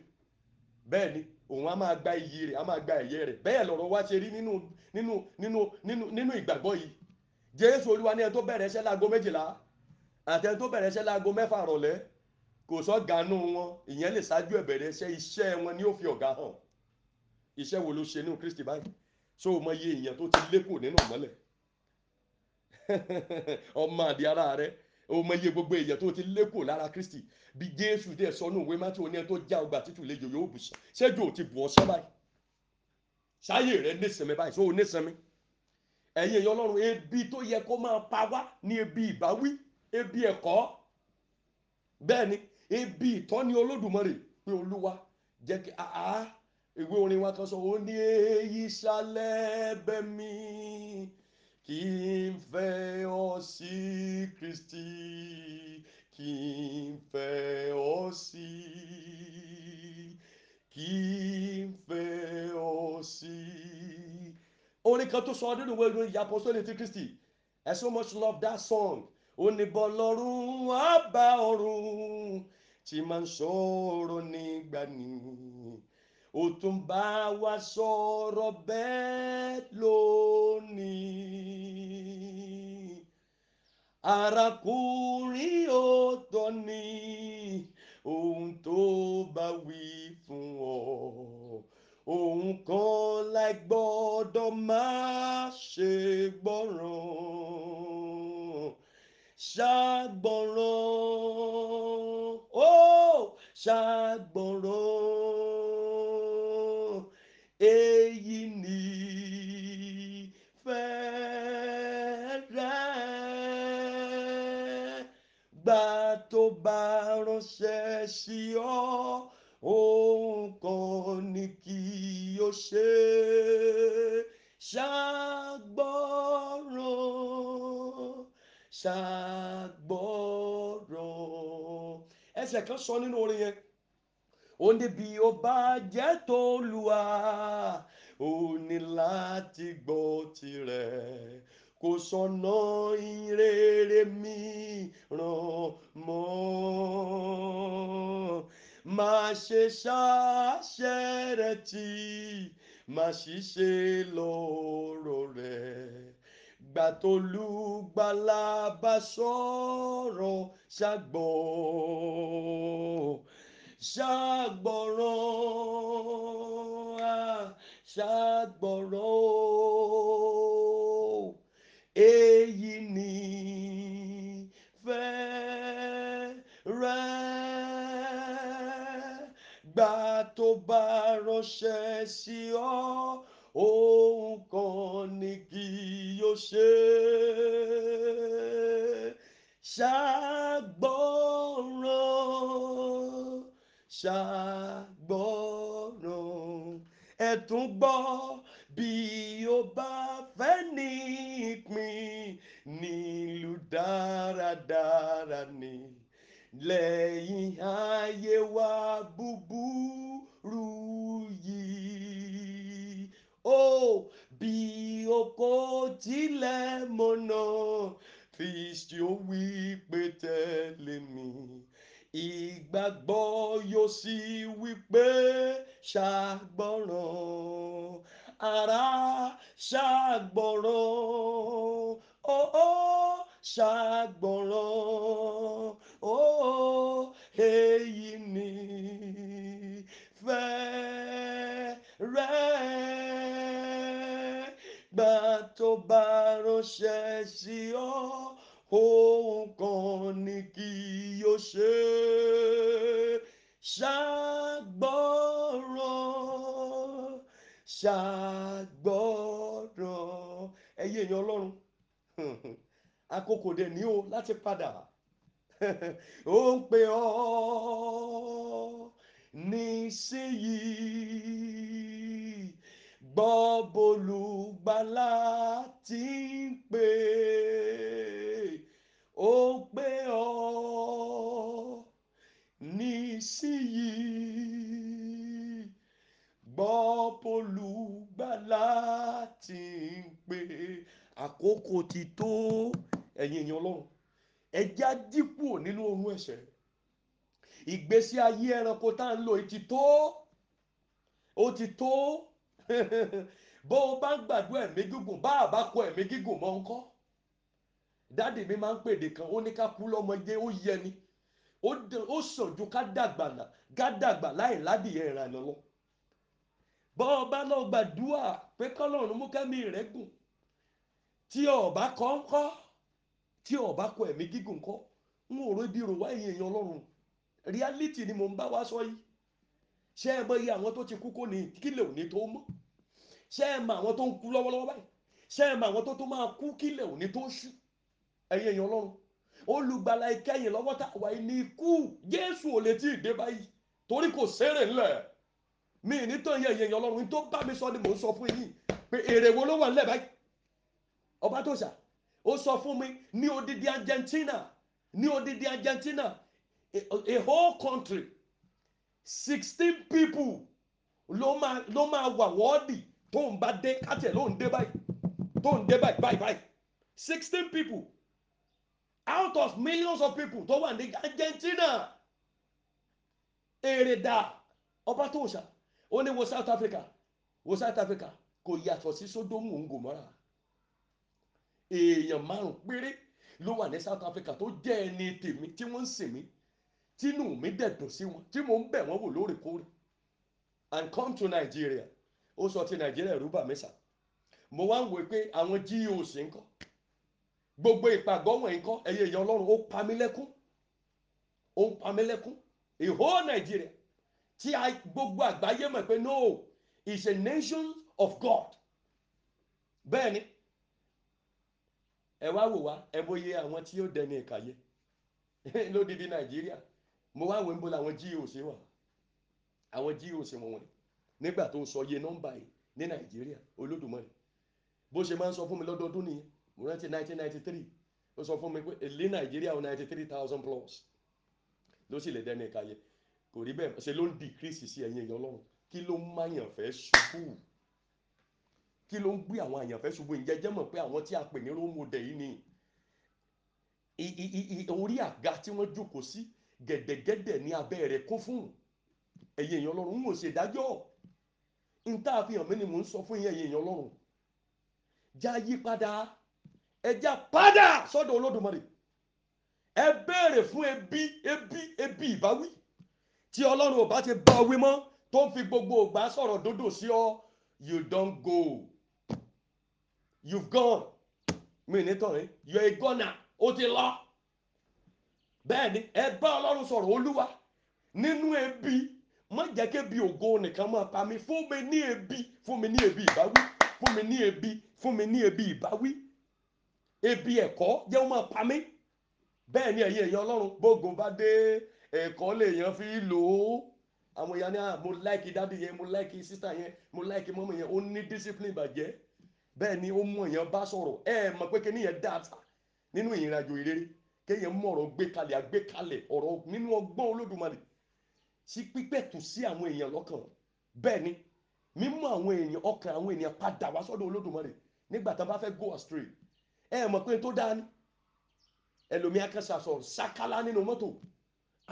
bẹ́ẹ̀ ni òun á máa gba iyì rẹ̀ á máa gba ẹ̀yẹ rẹ̀ bẹ́ẹ̀ lọ̀rọ̀ wá ṣe rí nínú nínú nínú nínú nínú ìgbàgbọ́ yìí jésù olúwa ní ẹ tó bẹ̀rẹ̀ iṣẹ́ láago méjìlá àti ẹ tó bẹ̀rẹ̀ iṣẹ́ láago mẹ́fà rọ̀lẹ́ kò sọ ganu wọn ìyẹn lè ṣáájú ẹ̀bẹ̀rẹ̀ iṣẹ́ iṣẹ́ wọn ni ó fi ọ̀gá hàn iṣẹ́ wo ló ṣe nínú kristi báyìí so mọ iye èèyàn tó ti lékò nínú ìmọ́lẹ̀ [LAUGHS] ọmọ àdí ara rẹ ọmọ iye gbogbo èèyàn tó ti lékò lára Kristi bí Jésù dẹ̀ sọnù òwe má tí o ní ẹ tó já ọgbà títù lejò yóò bù sọ ṣẹ́jú ò ti bù ọ sẹ́ báyìí sáyé rẹ nísìnyí báyìí sóò nísìnyí ẹ̀yin èèyàn Ọlọ́run ebi tó yẹ kó máa pa wá ní ebi ìbáwí ebi ẹ̀kọ́ bẹ́ẹ̀ ni ebi ìtọ́ni Olódùmarè pé Olúwa jẹ́ kí àá ìwé orin wa kan sọ ó ní èyí ṣálẹ́ bẹ́ mi. Κυμφέ όσοι Χριστοί, κυμφέ όσοι, On όσοι. Orin kan tó sọ ọdún ìwé ìròyìn ìyá apọ́sọ́lẹ̀ ti Kristi I so much love that song. Oníbọ̀ lọ́rùn àbá ọ̀run tí máa ń ṣòro nígbà nìyí ó tún bá wa sọ̀rọ̀ bẹ́ẹ̀ lónìí arákùnrin ọ̀tọ̀ ni ohun tó bá wí fún ọ ohun kan láì gbọ́dọ̀ má ṣe gbọ́ràn ṣàgbọ́ràn ó oh, ṣàgbọ́ràn. ṣe sí ọ ohun kan ni kí o ṣe ṣàgbọ́rọ̀ ṣàgbọ́rọ̀ ẹsẹ̀ kan sọ nínú orin yẹn ó ní bí o bá jẹ́ tó lùwà ó ní láti gbọ́ tirẹ̀ kò sọ̀nà ìrere mi ràn mọ́ má ṣe ṣàṣẹ rẹ tí má ṣiṣẹ́ lọ́rọ̀ rẹ gbà tó lùgbàlà bá sọ̀rọ̀ ṣàgbọ́ ṣàgbọ́rọ̀ ah, ṣàgbọ́rọ̀ èyí ni fẹ́ rẹ̀ gbà tó bá ránṣẹ́ sí ọ òun kan ni kí o ṣe ṣàgbọ́ràn ṣàgbọ́ràn ẹ̀tún gbọ́ bí ó bá fẹ́ ní ìpín nílùú dáradára ni lẹ́yìn ayé wa búburú yìí ó bí o kò tilẹ̀ mọ̀nà kristi ó wí pé tẹ̀lé mi ìgbàgbọ́ yóò sì wí pé ṣàgbọ́ràn ara ṣàgbọ̀rọ̀ oh ṣàgbọ̀rọ̀ oh èyí ni fẹ́ rẹ̀ gbà tó bá ránṣẹ́ sí ọ ohun kan ni kí o ṣe ṣàgbọ̀rọ̀ ṣàgbọ́rọ̀ ẹ̀yin èèyàn ọlọ́run [LAUGHS] àkókò dẹ̀ ní o láti padà [LAUGHS] ó ń pè ọ́ nísìyìí gbọ́ bolùgbàlà tí ń pè ó ń pè ọ́ nísìyìí gbọ́ bolù. àkókò ti tó ẹ̀yin èèyàn ọlọ́run ẹja dípò nínú oorun ẹ̀ṣẹ̀ ìgbésí ayé ẹranko tá à ń lò ti tó ó ti tó [LAUGHS] bó o bá ń gbàdúrà ẹ̀mí gígùn bá a bá kọ ẹ̀mí gígùn mọ́ ń kọ́ dáàdì mi máa ń pèdè kan ó ní ká kú lọ́mọdé ó yẹ ni ó sàn ju ká dàgbà ká dàgbà láì ládìyẹ ìrànlọ́wọ́ bọ́ọ̀ bá lọ gbàdúrà pé kọ́lọ́run mú kẹ́mi rẹ̀ gùn tí ọba kọ́ ń kọ́ tí ọba kọ ẹ̀mí gígùn kọ́ ń wò ró ibi wá èyí èèyàn ọlọ́run reality ni mò ń bá wa sọ yìí ṣé ẹ mọ iye àwọn tó ti kú kó ní kílẹ̀ òní tó mọ́ ṣé ẹ mọ àwọn tó ń kú lọ́wọ́lọ́wọ́ báyìí ṣé ẹ mọ àwọn tó tó máa kú kílẹ̀ òní tó ṣú ẹ̀yìn èèyàn ọlọ́run olùgbàlà ìkẹyìn lọ́wọ́ tá a wà ní ikú jésù ò lè tí dé báyìí torí kò sẹ́rẹ̀ ńlẹ̀ mi ní tàn yẹ èèyàn ọlọ́run tó bá mi sọ ni mò ń sọ fún yín pé èrè wo ló wà ńlẹ̀ báyìí ọba tó ṣà ó sọ fún mi ní odidi Argentina ní odidi Argentina a, a whole country sixteen people ló máa ló máa wà wọ́ọ̀dì tó ń bá dé kátẹ̀ ló ń dé báyìí tó ń dé báyìí báyìí báyìí sixteen people out of millions of people tó wà ní Argentina èrè dà ọba tó ṣà ó ní wo South Africa wo South Africa kò yàtọ̀ sí Sódómù ń Gòmórà èèyàn márùn péré ló wà ní South Africa tó jẹ́ ẹni tèmi tí wọ́n ń sìn mí tínú mi dẹ̀ dùn sí wọn tí mò ń bẹ̀ wọ́n wò lóòrèkóòrè and come to Nigeria ó sọ ti Nigeria rúbà mẹ́sà mo wá ń wò pé àwọn GOs ń kọ́ gbogbo ìpàgọ́ wọ̀nyí kọ́ ẹ̀yẹ ìyá ọlọ́run ó pa mí lẹ́kún ó ń pa mí lẹ́kún ìhó Nigeria tí gbogbo àgbáyé mọ̀ pé no is a nation of God bẹ́ẹ̀ ni ẹ wá wò wá ẹ bóyá àwọn tí yóò dẹni ìkàyé [LAUGHS] lódìdí nàìjíríà mo wá wẹ̀ ń bó làwọn goc wà àwọn goc wọn wọ̀nyí nígbà tó ń sọ iye nọ́mbà yìí ní nàìjíríà olódùmarè bó ṣe máa ń sọ fún mi lọ́dọọdún nìyẹn mo rántí nineteen ó sọ fún mi pé èlé nàìjíríà ó ninety thousand plus ló sì lè dẹni ìkàyé kò rí bẹ́ẹ̀ ṣe ló ń decrease sí ẹ̀yìn èèyàn ọlọ́run kí ló ń máyàn fẹ́ ṣubú kí ló ń gbé àwọn àyànfẹ́ ṣubú ǹjẹ́ mọ̀ pé àwọn tí a pè ní role model yìí ni orí àga tí wọ́n jókòó sí gẹ̀dẹ̀gẹ̀dẹ̀ ní abẹ́ rẹ̀ kún fún ẹ̀yin èèyàn ọlọ́run ń wò ṣe dájọ́ n tá a fi hàn mí ni mò ń sọ fún yín èèyàn ọlọ́run já yí padà ẹjá padà sọ́dọ̀ olódùmarè ẹ béèrè fún ebi ebi ebi ìbáwí tí ọlọ́run ò bá ti bá wí mọ́ tó ń fi gbogbo ògbà sọ̀rọ̀ dódò sí ọ you don go you've gone mi ní tọ̀rín you are a goner ó ti lọ bẹ́ẹ̀ ni ẹ bá ọlọ́run sọ̀rọ̀ olúwa nínú ebi má jẹ́ kí ebi ògo nìkan máa pa mi fún mi ní ebi fún mi ní ebi ìbáwí fún mi ní ebi fún mi ní ebi ìbáwí ebi ẹ̀kọ́ jẹ́ ó máa pa mí bẹ́ẹ̀ ni ẹ̀yin èèyàn ọlọ́run bógun bá dé ẹ̀kọ́ lèèyàn fi lò ó àwọn èèyàn ní à ah, mo láìkì dádì yẹn mo láìkì sísà yẹn mo láìkì mọ́mọ́ yẹn ó ní discipline bàjẹ́ bẹ́ẹ̀ ni ó mú èèyàn bá sọ̀rọ̀ ẹ mọ̀ pé kíní yẹn dáàtà nínú ìrìnàjò ìrere kéèyàn mú ọ̀rọ̀ gbé kalẹ̀ àgbé kalẹ̀ ọ̀rọ̀ nínú ọgbọ́n olódùmarè sí pípẹ̀tù sí àwọn èèyàn lọ́kàn bẹ́ẹ̀ ni mímú àwọn èèyàn ọkàn àwọn èèyàn padà wá sọ́dọ̀ olódùmarè nígbà tá a bá fẹ́ go astray ẹ mọ̀ pé tó dáa ni ẹlòmíà kan ṣàṣọ ṣàkálá nínú mọ́tò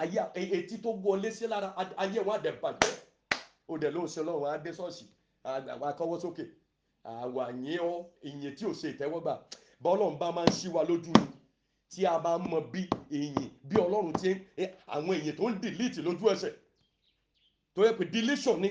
ayé etí tó wọlé sí lára ayé wọn àdẹ̀bàjẹ́ òdẹ̀ ló ń ṣe lọ́wọ́ adé ṣọ́ọ̀ṣì àkọwọ́ sókè àwa yín ọ́ ìyìn tí ò ṣe ìtẹ́wọ́gbà bọ́lọ́run bá máa ń ṣí wa lójú ni tí a bá mọ bí ìyìn bí ọlọ́run ti àwọn ìyìn tó ń dìlítì lójú ẹsẹ̀ tó yẹ pé deletion ni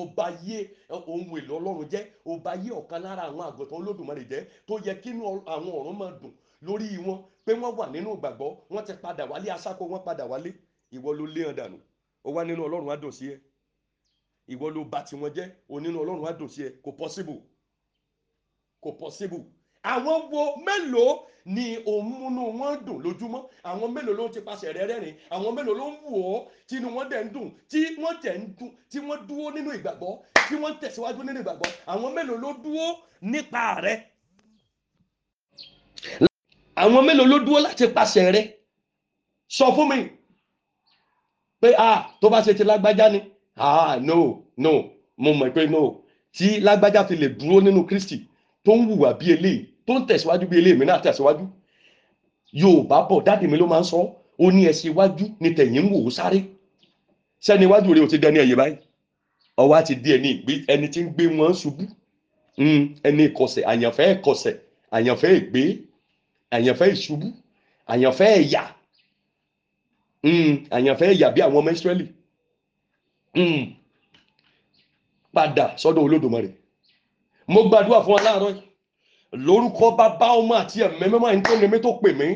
ó bá yé ohun èlò ọlọ́run jẹ́ ó bá yé ọ̀kan lára àwọn àgọ́tàn olódùmarè jẹ́ tó yẹ kínú àwọn ọ̀run máa dùn lórí wọn pé wọ́n wà nínú ìgbàgbọ́ wọ́n ti padà wálé aṣáko wọ́n padà wálé ìwọ ló lé hàn dànù ó wá nínú ọlọ́run á dùn sí ẹ ìwọ ló bà tiwọn jẹ́ onínú ọlọ́run á dùn sí ẹ kò possible kò possible àwọn wo mélòó ni òmùnú wọn dùn lójúmọ́ àwọn mélòó ló ti paṣẹ rẹ rẹ́rìn àwọn mélòó ló ń wò ó tínú wọn dẹ̀ ń dùn tí wọ́n tẹ̀ ń dùn tí wọ́n dúró nínú ìgbàgbọ́ tí wọ́n tẹ̀síwájú nínú ìgbàgbọ́ àwọn mélòó ló dúró nípa rẹ àwọn mélòó ló dúró láti paṣẹ rẹ sọ fún mi pé a ah, tó bá ṣe ti lágbájá ni ah no no mo mọ̀ pé no tí lágbájá fi lè dúró nínú Kristi tó ń hùwà bí eléyìí tó ń tẹ̀síwájú bí eléyìí mi náà tẹ̀síwájú Yorùbá bọ̀ dáàdì mi ló máa ń sọ ó ní ẹsẹ̀ iwájú ni tẹ̀yìn ń wò ó sáré sẹ́ni iwájú rẹ̀ ò ti dẹni ẹ̀yìn báyìí ọwọ́ àti di ẹni ìgbé ẹni tí ń gbé wọn ṣubú hmm, ẹni ìkọsẹ̀ àyànfẹ́ ìkọsẹ̀ àyànfẹ́ ìgbé àyànfẹ́ ìṣubú àyànfẹ́ ẹ̀yà hmm, àyànfẹ́ ẹ̀yà bí àwọn ọmọ Ísírẹ́lì Hmm. padà sọ́dọ̀ olódùmarè mo gbàdúrà fún wa láàárọ̀ yìí lórúkọ bàbá ọmọ àti ẹ̀mẹ́ mẹ́mọ́ ẹni tó ní mi tó pè mí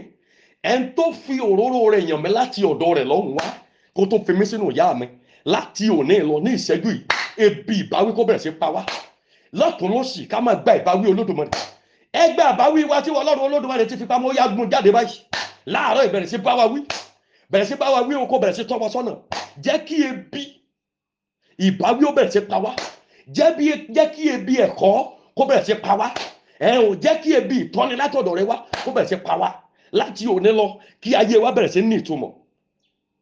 ẹni tó fi òróró rẹ̀ yàn mí láti ọ̀dọ̀ rẹ̀ lọ́rùn wá kó tó fi mí sínú ìyá mi láti òní lọ ní ìṣẹ́jú yìí ebi ìbáwí kó bẹ̀rẹ̀ sí pa wá lọ́tún lọ́sì ká máa gba ìbáwí olódùmarè ẹgbẹ́ àbáwí wa tí ọlọ́run olódùmarè ti fi pamọ́ yá gun jáde báyìí láàárọ̀ ìbẹ̀rẹ̀ sí bá wa wí bẹ̀rẹ̀ sí bá wa wí oko bẹ̀rẹ̀ sí tọ́ wa sọ́nà jẹ́ kí ebi ìbáwí ó bẹ̀rẹ̀ sí pa wá jẹ́ kí ebi ẹ̀kọ́ kó bẹ̀rẹ̀ sí pa wá ẹ ò jẹ́ kí ebi ìtọ́ni látọ̀dọ̀ rẹ wá kó bẹ̀rẹ̀ sí pa wá láti òní lọ kí ayé wa bẹ̀rẹ̀ sí ní ìtumọ̀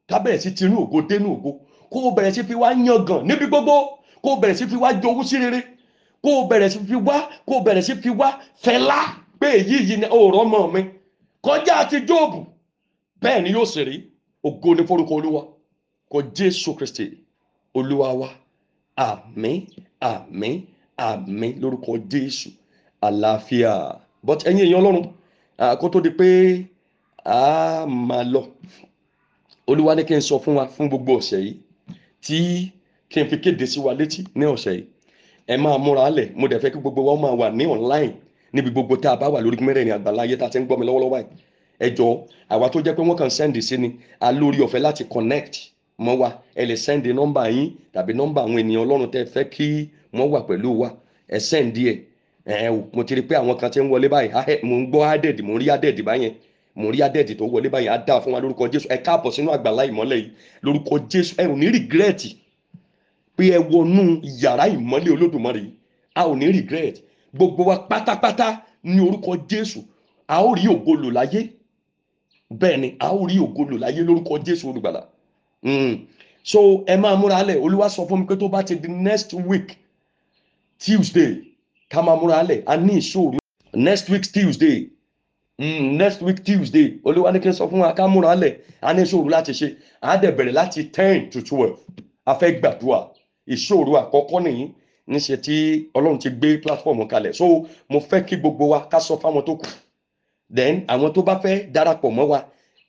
ká bẹ̀rẹ̀ sí tinú ògo dénú ògo kó o bẹ̀rẹ̀ sí fi wá yangàn níbi gbogbo kó o bẹ̀rẹ̀ sí fi wá jowú sí rere kó o bẹ̀rẹ̀ sí fi wá kó o bẹ̀rẹ̀ sí fi wá fẹlá pé èyí yìí ni òòrọ̀ mọ̀ mi kọjá àti jóòbù bẹ́ẹ̀ ni yóò sì rí ògo ní forúkọ olúwa kọ jésù kristi olúwa wa àmín àmín àmín lórúkọ jésù àlàáfíà but ẹ̀yin èèyàn ọlọ́run kó tó di pé a máa lọ olúwa ní kí n sọ fún wa fún gbogbo ọ̀sẹ̀ yìí tí kí n fi kéde sí wa létí ní ọ̀sẹ̀ yìí ẹ máa múra lẹ̀ mo dẹ̀ fẹ́ kí gbogbo wa máa wà ní online níbi gbogbo tá a bá wà lórí mẹ́rẹ̀ẹ̀rin àgbáláyé tá a ti ń gbọ́ mi lọ́wọ́lọ́wọ́ ẹ jọ̀ọ́ àwa tó jẹ́ pé wọ́n kàn sẹ́ndì sí ni a lórí ọ̀fẹ́ láti connect mọ́ wa ẹ lè sẹ́ndì nọ́mbà yín tàbí nọ́mbà àwọn ènìyàn ọlọ́run tẹ́ fẹ́ kí wọ́n wà pẹ̀lú wa ẹ sẹ́ndì ẹ̀ ẹ mo ti rí pé àwọn kan ti ń wọlé báyìí mo ń gbọ́ adẹ́ẹ̀dì mo ń rí adẹ́ẹ̀dì báyẹn mo ń rí adẹ́ẹ̀dì tó wọlé báyìí á dáa fún wa lórúkọ jésù ẹ káàbọ̀ sínú àgbàlá ìmọ́lẹ̀ yìí lórúkọ jésù ẹ ò ní rìgírẹ́ẹ̀tì pé ẹ wọnú yàrá ìmọ́lẹ̀ olódùmarè yìí a ò ní rìgírẹ́ẹ̀tì gbogbo wa pátápátá ní orúkọ jésù a ó rí ògo lò láyé bẹ́ẹ̀ ni a ó rí ògo lò láyé lórúkọ jésù olùgbàlà Mm. so ẹ máa múra lẹ̀ olúwa sọ fún mi pé tó bá ti di next week tuesday ká máa múra lẹ̀ a ní ìṣòro next week tuesday mm, next week tuesday olúwa ní kí n sọ fún wa ká múra lẹ̀ a ní ìṣòro láti ṣe a dẹ̀ bẹ̀rẹ̀ láti ten to twelve a fẹ́ gbàdúrà ìṣòro àkọ́kọ́ nìyí níṣẹ́ tí ọlọ́run ti gbé platform kalẹ̀ so mo fẹ́ kí gbogbo wa ká sọ fáwọn tó kù then àwọn tó bá fẹ́ darapọ̀ mọ́ wa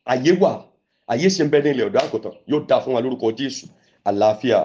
àyè wà ayé sì ń bẹ ní ilẹ̀ ọ̀dọ́ àgùntàn yóò dáa fún wa lórúkọ Jésù àlàáfíà.